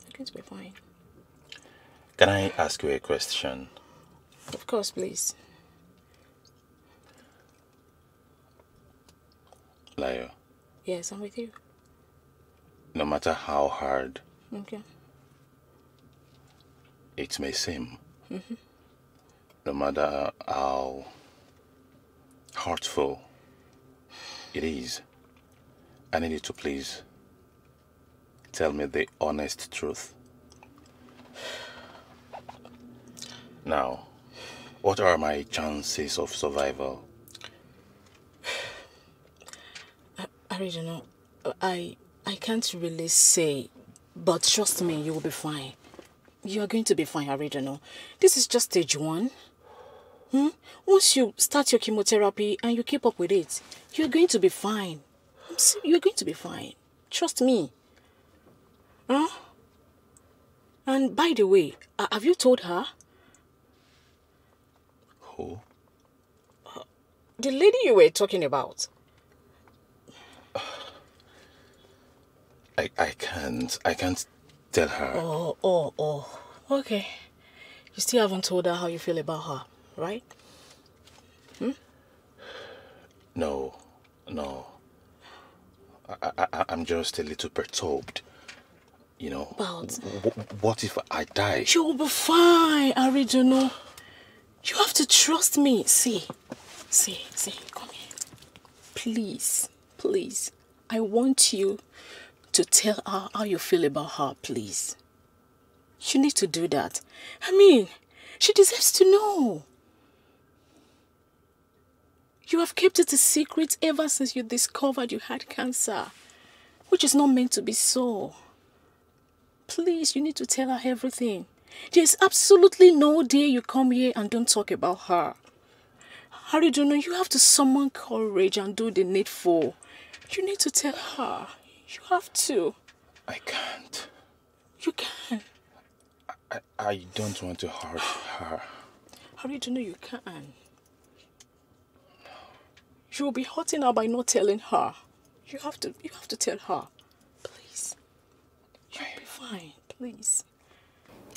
You're going to be fine. Can I ask you a question? Of course, please. Layo. Yes, I'm with you. No matter how hard okay. it may seem, mm -hmm. no matter how hurtful it is, I need you to please tell me the honest truth. Now, what are my chances of survival? I, I really know. I, I can't really say, but trust me, you will be fine. You are going to be fine, Aridano. This is just stage one. Hmm? Once you start your chemotherapy and you keep up with it, you're going to be fine. You're going to be fine. Trust me. Huh? And by the way, have you told her? The lady you were talking about. I, I can't. I can't tell her. Oh, oh, oh. Okay. You still haven't told her how you feel about her, right? Hmm? No. No. I, I, I'm just a little perturbed. You know. About? what if I die? She will be fine, Arijano. You have to trust me. See, see, see, come here. Please, please. I want you to tell her how you feel about her, please. You need to do that. I mean, she deserves to know. You have kept it a secret ever since you discovered you had cancer, which is not meant to be so. Please, you need to tell her everything. There's absolutely no day you come here and don't talk about her. Harry Dono, you have to summon courage and do the needful. You need to tell her. You have to. I can't. You can. I, I, don't want to hurt her. Harry Dono, you can. You will be hurting her by not telling her. You have to you have to tell her. Please. You'll be fine, please.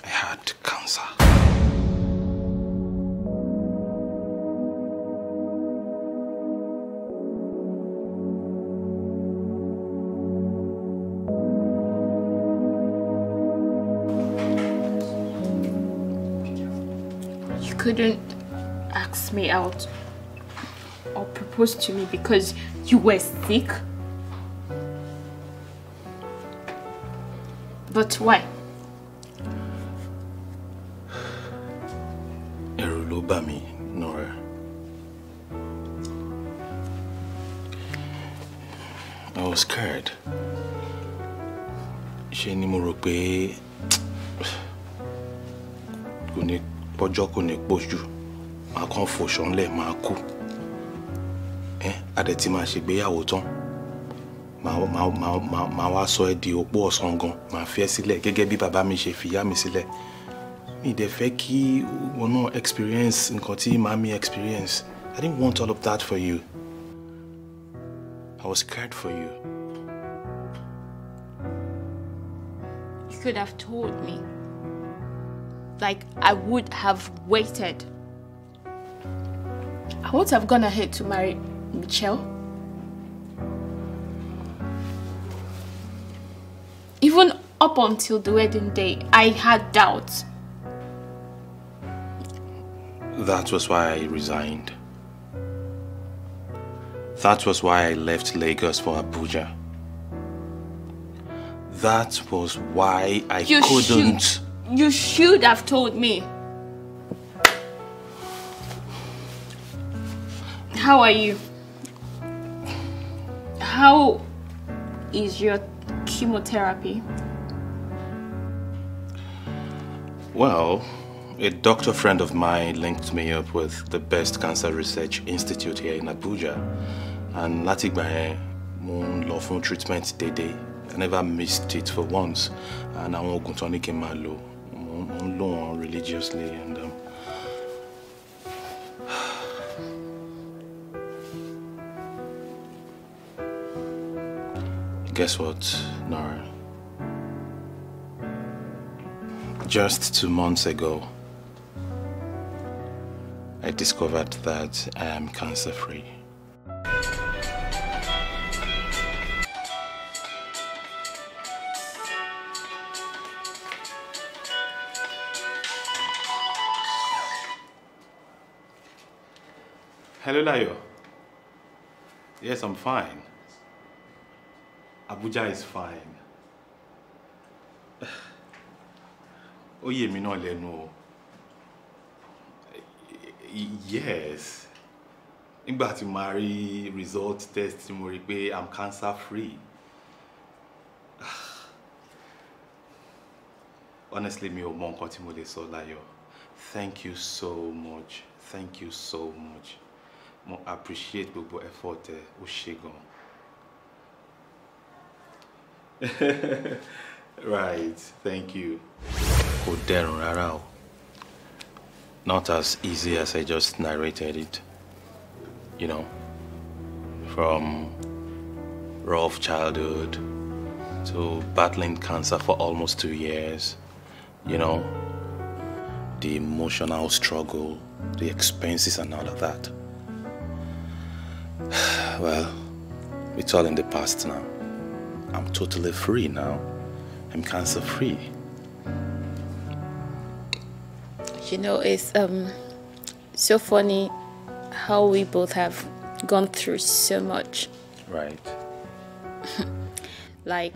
I had cancer. You couldn't ask me out or propose to me because you were sick? But why? gbà mí Nora. I was scared. She ni mo rò pé kò ní pọ́jọ́ kò ní pọ́jú màá kàn fòṣọ́ ńlẹ̀ màá kú. Adẹ̀ tí Ma ma ma ma wá sọ ẹ́ di opó ọ̀sán gan màá fi ẹ́ sílẹ̀ gẹ́gẹ́ bí bàbá mi ṣe fìyá mi sílẹ̀. Si the dẹ̀ one kí experience in Koti màmí experience I didn't want all of that for you I was scared for you. You could have told me. Like, I would have waited. I would have gone ahead to marry Michelle. Even up until the wedding day, I had doubts. That was why I resigned. That was why I left Lagos for Abuja. That was why I you couldn't. Should, you should have told me. How are you? How is your chemotherapy? Well, a doctor friend of mine linked me up with the best cancer research institute here in Abuja. And láti ìgbà yẹn, mo ń Day. fún treatment I never missed it for once. And i oògùn tó ní kí n máa religiously. And, um, Guess what, Nora? Just two months ago, I discovered that I am cancer free. Hello, Layo. Yes, I'm fine. Abuja is fine. Ó yé mi náà lẹ́nu Oh, ye mi no, lenu o yes nígbà tí màá rí result test tí mo rí pé i'm cancer free honestly mi ò mọ nǹkan tí mo lè sọ láyọ̀ thank you so much thank you so much mo appreciate gbogbo effort ẹ ó ṣe gan. right thank you. kò dẹrùn rárá o. not as easy as I just narrated it. You know, from rough childhood to battling cancer for almost two years, you know, the emotional struggle, the expenses and all of that. Well, it's all in the past now. I'm totally free now. I'm cancer free. you know it's um, so funny how we both have gone through so much right like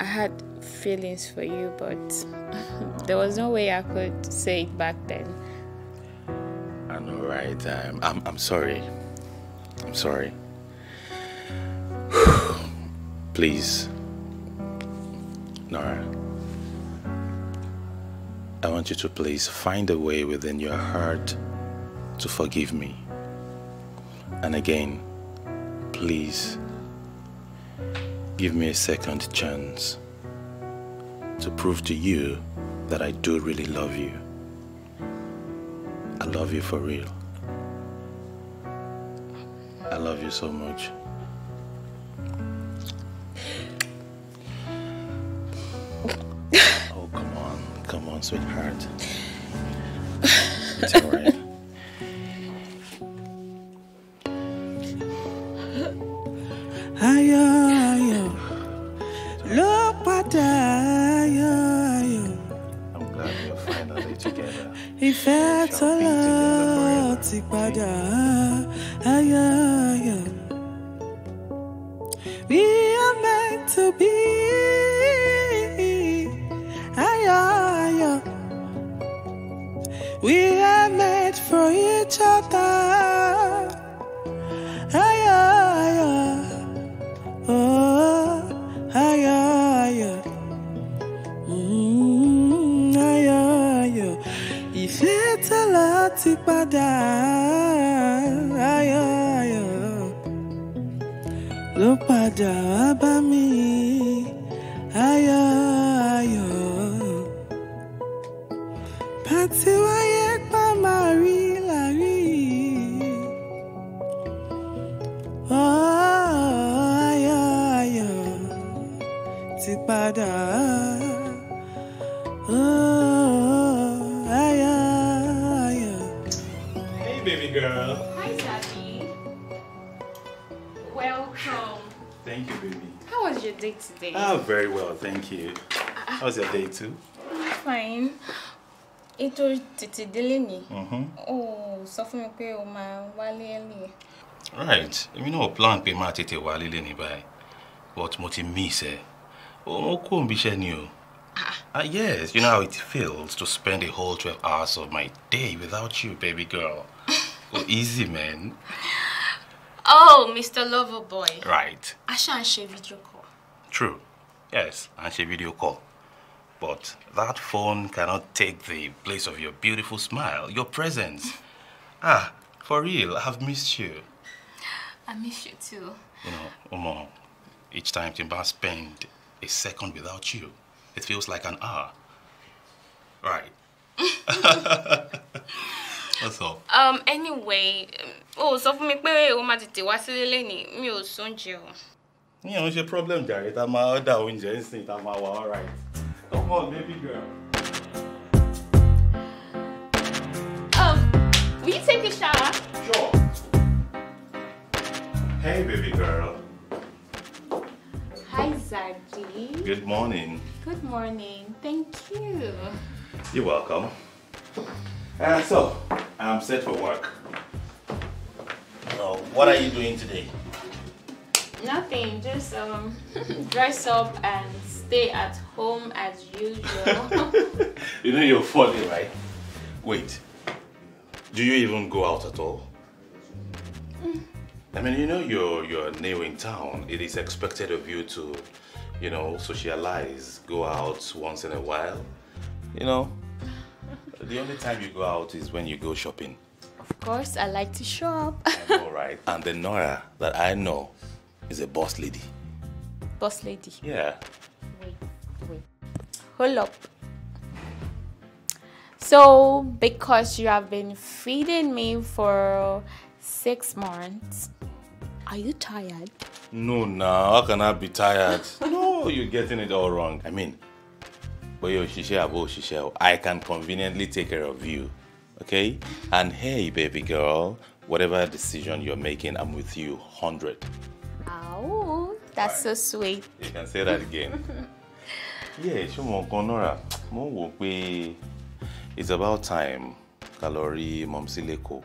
i had feelings for you but there was no way i could say it back then i know right I'm, I'm sorry i'm sorry please nora I want you to please find a way within your heart to forgive me. And again, please give me a second chance to prove to you that I do really love you. I love you for real. I love you so much. sweetheart. It's alright. fún mi pé o wálé right èmi náà plan pé máa tètè wálé lé ní báyìí but mo ti miss ẹ o kò ń bíṣẹ́ ni o. Ah. Ah, yes, you know how it feels to spend a whole 12 hours of my day without you, baby girl. easy, man. Oh, Mr. Loverboy. Right. I shan't video call. True. Yes, and share video call. But that phone cannot take the place of your beautiful smile, your presence. Ah, for real, I've missed you. I miss you too. You know, Omo, each time Timba spend a second without you, it feels like an hour. Right. What's up? Um, anyway, um, oh, so fún mi pé o máa tètè wá sílé lónìí, mi ò se oúnjẹ o. Mi problem jàre, tá máa order oúnjẹ ńsìn, tá máa wà all right. Come on, baby girl. Will you take a shower? Sure. Hey, baby girl. Hi, Zadie. Good morning. Good morning. Thank you. You're welcome. Uh, so, I'm set for work. So, what are you doing today? Nothing, just um, dress up and stay at home as usual. you know you're funny, right? Wait, do you even go out at all? Mm. I mean, you know, you're, you're new in town. It is expected of you to, you know, socialize, go out once in a while. You know, the only time you go out is when you go shopping. Of course, I like to shop. all right. And the Nora that I know is a boss lady. Boss lady? Yeah. Wait, wait. Hold up. So, because you have been feeding me for six months, are you tired? No, no, nah, how can I be tired? no, you're getting it all wrong. I mean, but yo, Shishel, I can conveniently take care of you, okay? And hey, baby girl, whatever decision you're making, I'm with you 100. Oh, that's right. so sweet. You can say that again. yeah, Shumon Konora, it's about time Kalori Momsileko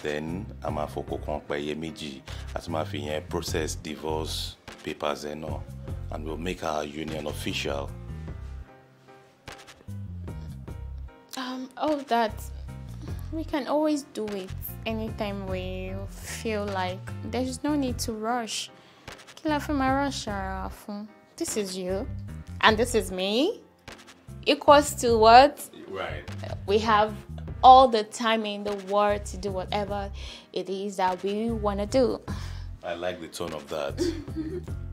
then a máa fòkò focus pẹ̀yẹ méjì àti my fi yẹn process divorce papers ẹ̀ and we'll make our union official. Um, oh that we can always do it anytime we feel like there's no need to rush. Kí from my rush This is you and this is me equals to what? Right. We have all the time in the world to do whatever it is that we want to do. I like the tone of that.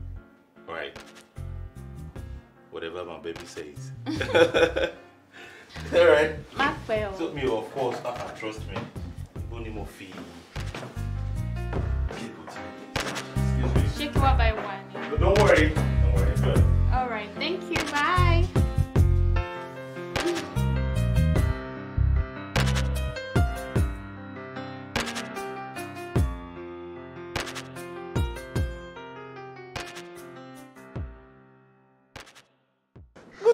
right. Whatever my baby says. all right. Markwell. Took me, of course. Uh, uh, trust me. Bonimo fee. Excuse me. Shake up by one. But don't worry. Don't worry. All right. Thank you. Bye.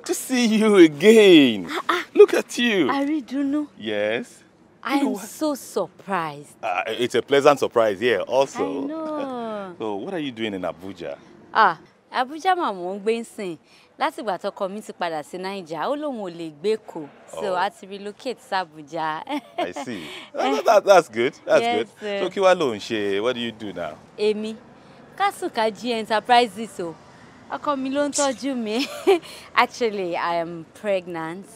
to see you again. Ah, ah. Look at you. Aridunu. Yes. I am so surprised. Uh, it's a pleasant surprise Yeah, also. I know. so oh, what are you doing in Abuja? Ah, Abuja ma mò ń gbé nsìn. Láti ìgbà tọkọ mi ti padà sí Naija, ó lóun ò lè gbé Èkó. So oh. a ti relocate sí Abuja. I see. That, ah, that, that's good. That's yes, good. Sir. So kí wá ló ń What do you do now? Èmi, Kasuka G Enterprises o. So ọkọ mi ló ń tọ́jú mi actually i am pregnant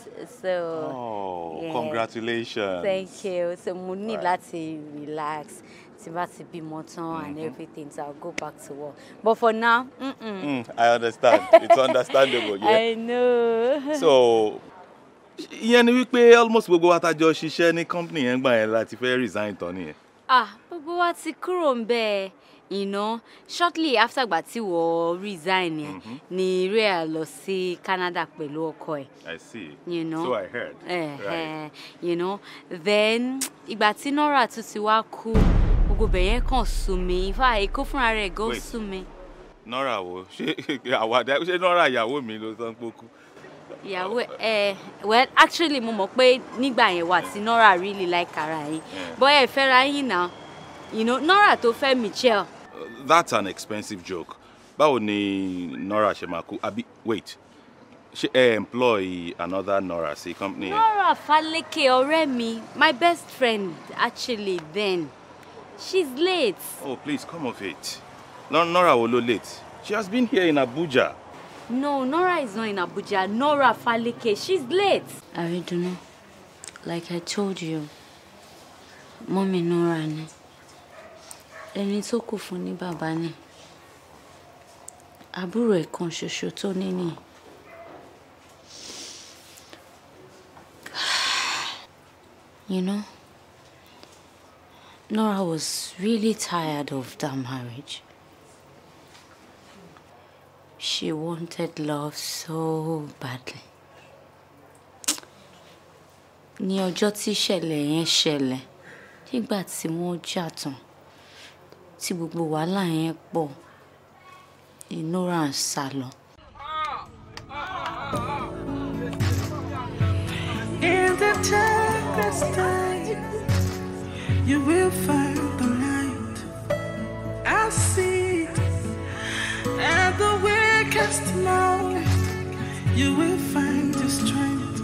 so. oh yeah. congratulations. thank you so mo ní láti relax tí bá ti bímọ tán mm and everything so i'll go back to work but for now. Mm -mm. Mm, i understand it's understandable. Yeah? i know. so ìyẹn ni wípé almost gbogbo wa tá jọ ṣiṣẹ́ ní company yẹn gbà yẹn láti fẹ́ resign tán nìyẹn. ah gbogbo wa ti kúrò ń bẹ́ẹ̀ you know shortly after gba tí wọ́n resign yẹn mm-hmm. ni Rhea lọ sí Canada pẹ̀lú ọkọ ẹ̀. I see you know, so I heard. Uh, right. you know then ìgbà tí Nora tún ti wá kú gbogbo bẹ̀yẹn kàn sú mi ifá èkó fúnra rẹ̀ gan sú mi. Nora wo ṣé àwàdà ṣé Nora ìyàwó mi ló sọ pé ó yeah, ẹ well actually mo mọ̀ pé nígbà yẹn wà tí Nora really like ara yín bóyá ẹ fẹ́ra yín náà you know Nora to fẹ́ Michelle that's an expensive joke báwo ni nora ṣe máa kú àbí wait ṣe ẹ employ another nora sí company nora faleke ọ̀rẹ́ mi my best friend actually then she's late. oh please come off it nora wo ló late she has been here in abuja. no nora is not in abuja nora faleke she's late. aridunu like i told you mummy nora ni. No ẹni tó kù fún ní bàbá ni àbúrò ẹ̀ kan ṣoṣo tó ní ni you know Nora was really tired of that marriage. She wanted love so badly. Ní ọjọ́ tí ìṣẹ̀lẹ̀ yẹn ṣẹlẹ̀ nígbà tí wọ́n jà tán. tí gbogbo wàhálà yẹn pọ̀ ìnura ń sá lọ. In the darkest night, you will find the light. I see it. At the weakest moment, you will find the strength.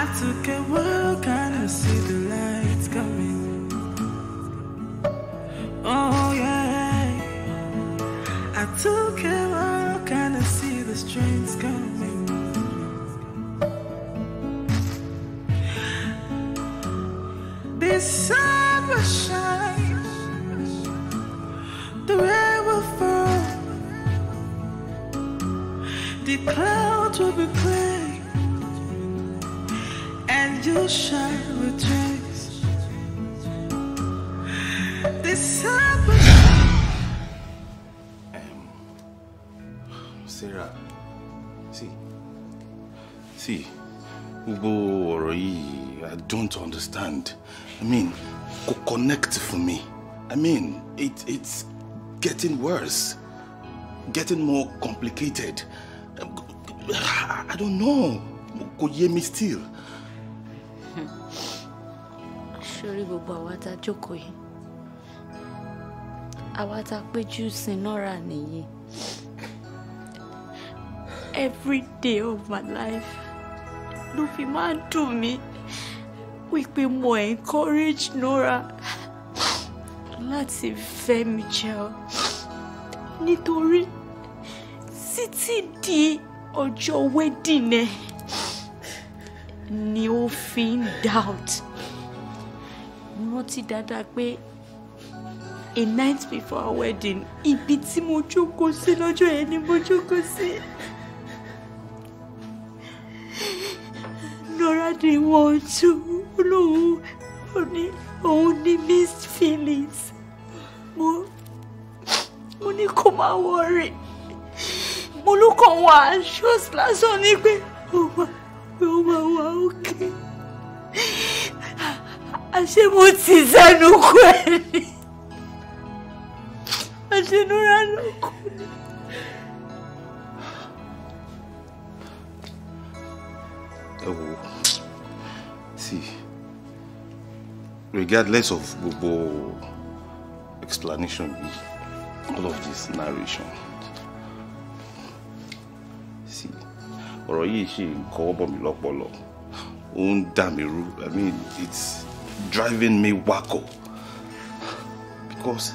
I took a walk and I see the light. Oh yeah, I took a walk and I see the train's coming. The sun will shine, the rain will fall, the clouds will be clear, and you shine will Sarah, see, see, gbogbo ọ̀rọ̀ I don't understand. I mean, co connect for me. I mean, it, it's getting worse, getting more complicated. I don't know. Kò yé me still. Surely, gbogbo what tá a jókòó yìí. àwa ta péjú sí nọ́ra nìyí every day of my life ló fi máa ń dùn mí wípé mo encourage nora láti fẹ́ Michelle nítorí títí di ọjọ́ wedding ẹ̀ ni ó fi ń doubt mo rántí dáadáa pé a night before our wedding ibi tí mo jókòó sí lọ́jọ́ yẹn ni mo jókòó sí. Nora dey want to lóhun òní òun ní mixed feelings mo mo ní kó má wọrí mo ló kàn wá ṣọ́ọ̀ṣì lásán ní pé ó wà ó wà àṣé mo ti sẹ́nu kú ẹ̀ ní àṣenúra ló kù ní. ẹ wo see regardless of gbogbo explanation all of this narration see ọ̀rọ̀ yìí ṣì ń kọ́ bọ̀ mí lọ́pọlọ ó ń i mean it's driving me wacko because.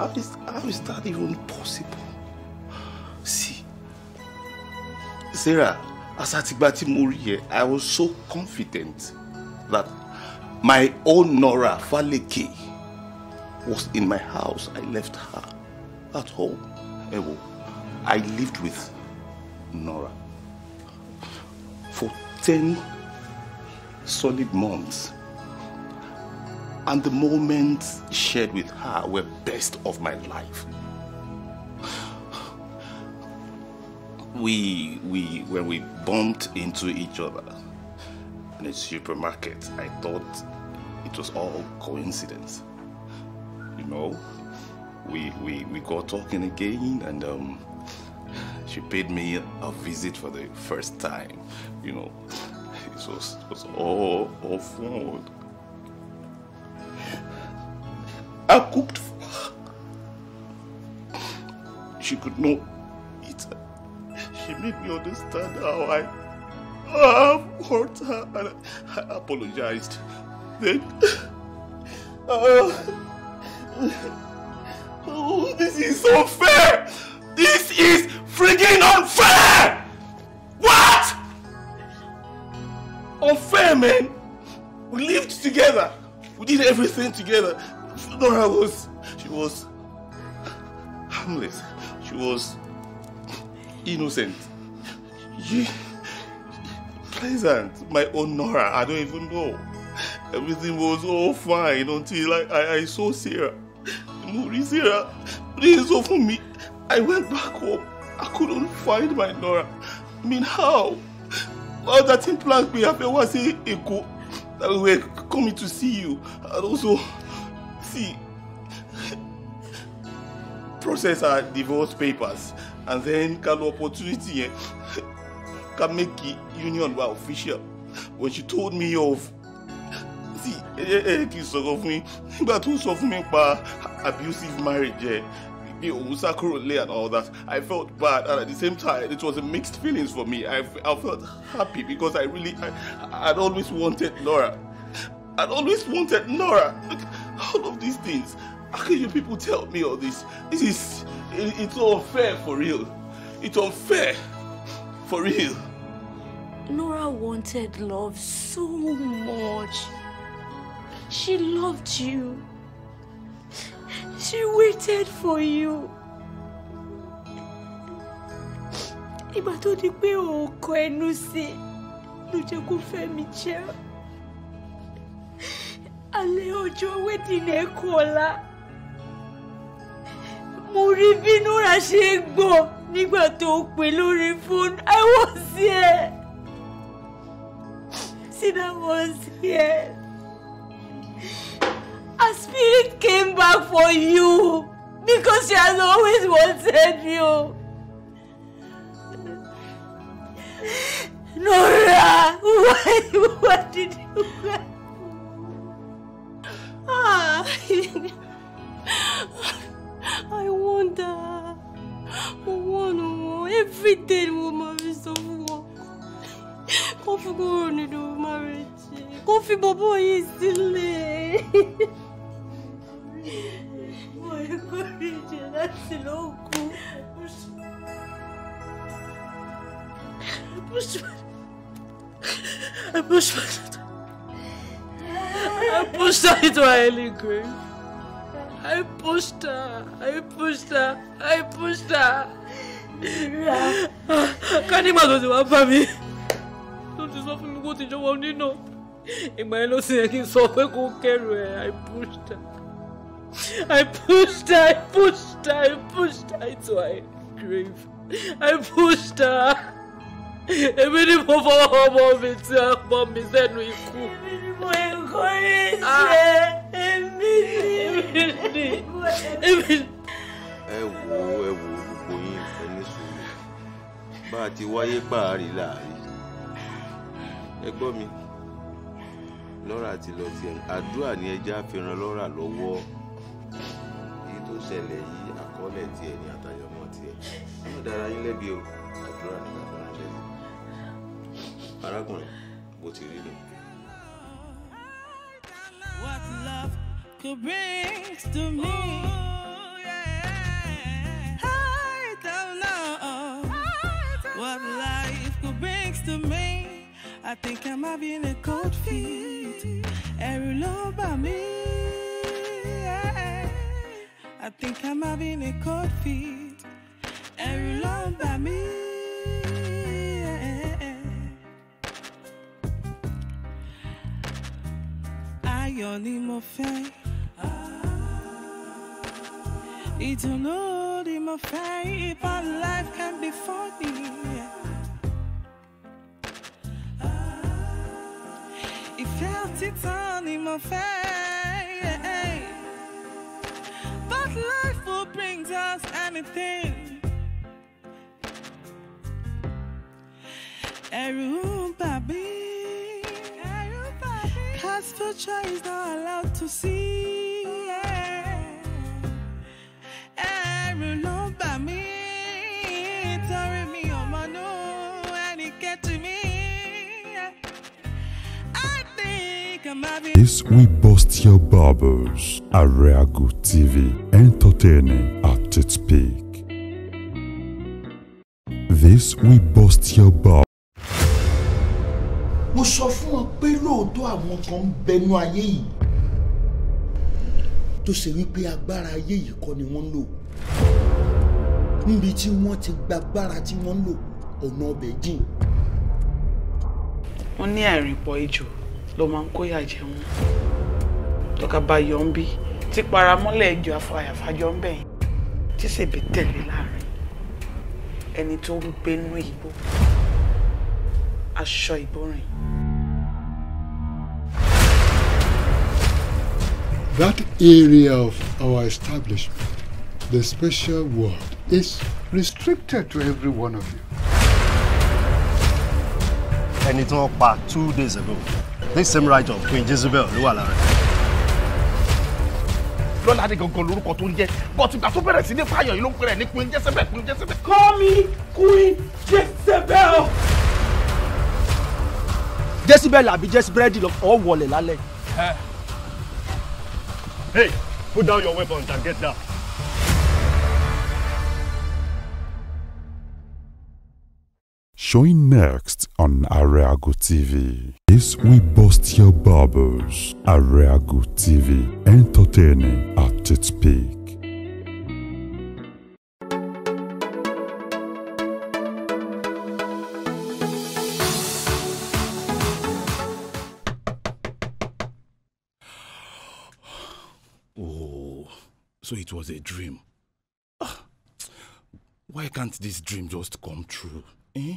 How is, how is that even possible? See, Sarah, as I tí mo I was so confident that my own Nora Faleke was in my house. I left her at home. I lived with Nora for 10 solid months. and the moments shared with her were best of my life. We, we, when we bumped into each other in a supermarket, I thought it was all coincidence. You know, we, we, we got talking again and um, she paid me a visit for the first time, you know. It was, it was all, all fun. I cooked for her. She could not eat. She made me understand how I, how hurt her and I apologized. Then, uh, oh, this is so fair. This is freaking unfair! What? Unfair, man. We lived together. We did everything together. Nora was, she was harmless. She was innocent. She, pleasant. My own Nora, I don't even know. Everything was all fine until I, I, I saw Sarah. Maurice, Sarah, please sọ me. I went back home. I couldn't find my Nora. I mean, how? All that implant we have felt was in echo? that we were coming to see you. And also, See, process our divorce papers and then can opportunity can make the union well official. When she told me of see, Eric sọ̀rọ̀ fún mi nígbà tó sọ fún mi abusive marriage ẹ̀ bí and all that I felt bad and at the same time it was a mixed feelings for me I, I felt happy because I really I, I'd always wanted Laura I'd always wanted Nora. Like, all of these things. How can you people tell me all this? This is, it, it's unfair for real. It's unfair for real. Nora wanted love so much. She loved you. She waited for you. Ìgbà tó di pé òkò ẹnu sí ló jẹ́ kó fẹ́ mi jẹ́. alẹ́ ọjọ́ wẹ́dìnẹ̀ kọ́lá mo rí bí nora ṣe gbọ́ nígbà tó pè lórí fóònù I was here Sina was here a spirit came back for you because she has always wanted you. Nora, why, why did you? Why? I I wonder. One every day, woman is so war. Coffee go on into marriage. Coffee bobo is silly. Boy, courage, that's loco. Push. Push. I push. I pushed her into a early grave. I pushed her. I pushed her. I pushed her. Kani ma tó ti wá bá mi. Tó ti sọ fún mi kó ti jọ̀wọ́ nínú. Ìgbà yẹn ló ti yẹ kí n sọ I pushed her. I pushed her. I pushed her. I pushed her into a grave. I pushed her. Èmi ni mo fọwọ́ ọmọ mi tí a pọ̀ mi sẹ́nu ikú. Èmi ni mo encourage èmi ni èmi ni. ẹ wo ẹ wo gbogbo yín ẹ ní sùúrù bá a ti wáyé páàrí láàrí ẹ gbọ́ mi lọ́ra ti lọ tiẹ̀ àdúrà ni ẹja fi ran lọ́ra lọ́wọ́ èyí tó ṣẹlẹ̀ yìí àkọọ́lẹ̀ tiẹ̀ ni àtàyọmọ tiẹ̀ yóò dára yín lẹ́bi o àdúrà ni bàbá rẹ̀ arákùnrin bó ti rí nìyí. what love could bring to me. Ooh, yeah. I don't know I don't what know. life could bring to me. I think I am having a cold feet. Every love by me. Yeah. I think I am having a cold feet. Every love by me. ayọ̀ ni mo fẹ́. Ìdùnnú ni mo fẹ́. Ipa life can be funny. Ìfẹ́ òtítọ́ ni mo fẹ́. But life will bring us anything. Ẹ̀rù ń bà mí past future is not allowed to see. Ẹ̀rù We Bust Your Bubbles, good TV, entertaining at its peak. This We Bust Your Bubbles. mo sọ fún wọn pé lóòótọ́ àwọn kan ń bẹnu ayé yìí tó ṣe wípé agbára ayé yìí kọ́ ni wọ́n ń lò níbi tí wọ́n ti gba agbára tí wọ́n ń lò ọ̀nà ọbẹ̀ jìn. wọ́n ní àìrìnpọ̀ ejò ló máa ń kóyà jẹ wọn tọ́ka bá yọ ń bí tí paramọ́lẹ̀ ejò àfàyàfàjọ ń bẹ̀yìn tí ṣèbí tẹ̀lé láàrin ẹni tó ń gbénú ìbò aṣọ ìbòrìn. that area of our establishment, the special ward, is restricted to every one of you. And it wọ́n pa two days ago, this same right of Queen Jezebel ló wà lára. Lọ́ládé gangan lorúkọ tó ń jẹ́, but ìgbà tó bẹ̀rẹ̀ sí ní fáyọ̀ yìí ló ń pẹ̀rẹ̀ ní Queen Jezebel, Queen Jezebel. Call me Queen Jezebel. Jezebel àbí Jezebel lọ ọ̀ wọlé lálẹ́. Hey, put down your weapons and get down. Showing next on Areago TV. This we bust your bubbles. Areago TV, entertaining at its peak. so it was a dream. Ah, why can't this dream just come true? Eh?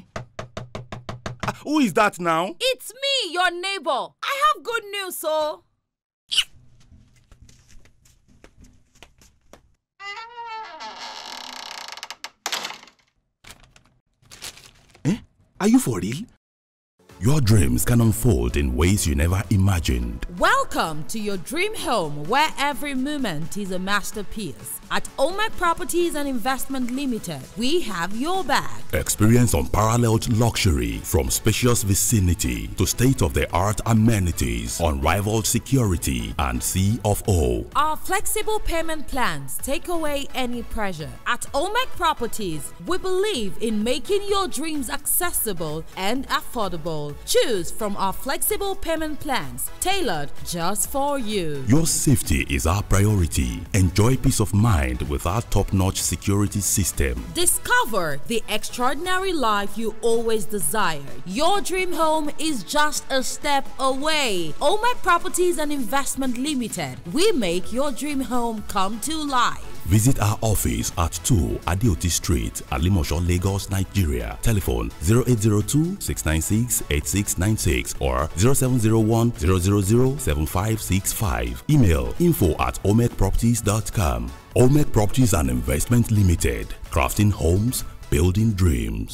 Ah, who is that now? It's me, your neighbor. I have good news, so. Eh? Are you for real? Your dreams can unfold in ways you never imagined. Welcome to your dream home where every moment is a masterpiece. At Omac Properties and Investment Limited, we have your back. Experience unparalleled luxury from spacious vicinity to state-of-the-art amenities, unrivaled security, and sea of O. Our flexible payment plans take away any pressure. At Omac Properties, we believe in making your dreams accessible and affordable. Choose from our flexible payment plans tailored just for you. Your safety is our priority. Enjoy peace of mind with our top-notch security system. Discover the extraordinary life you always desired. Your dream home is just a step away. All my Properties and Investment Limited. We make your dream home come to life. Visit our office at 2 Adioti Street, Alimosho, Lagos, Nigeria. Telephone 0802-696-8696 or 0701-000-7565. Email info at omegproperties.com. Omeg Properties and Investment Limited. Crafting homes, building dreams.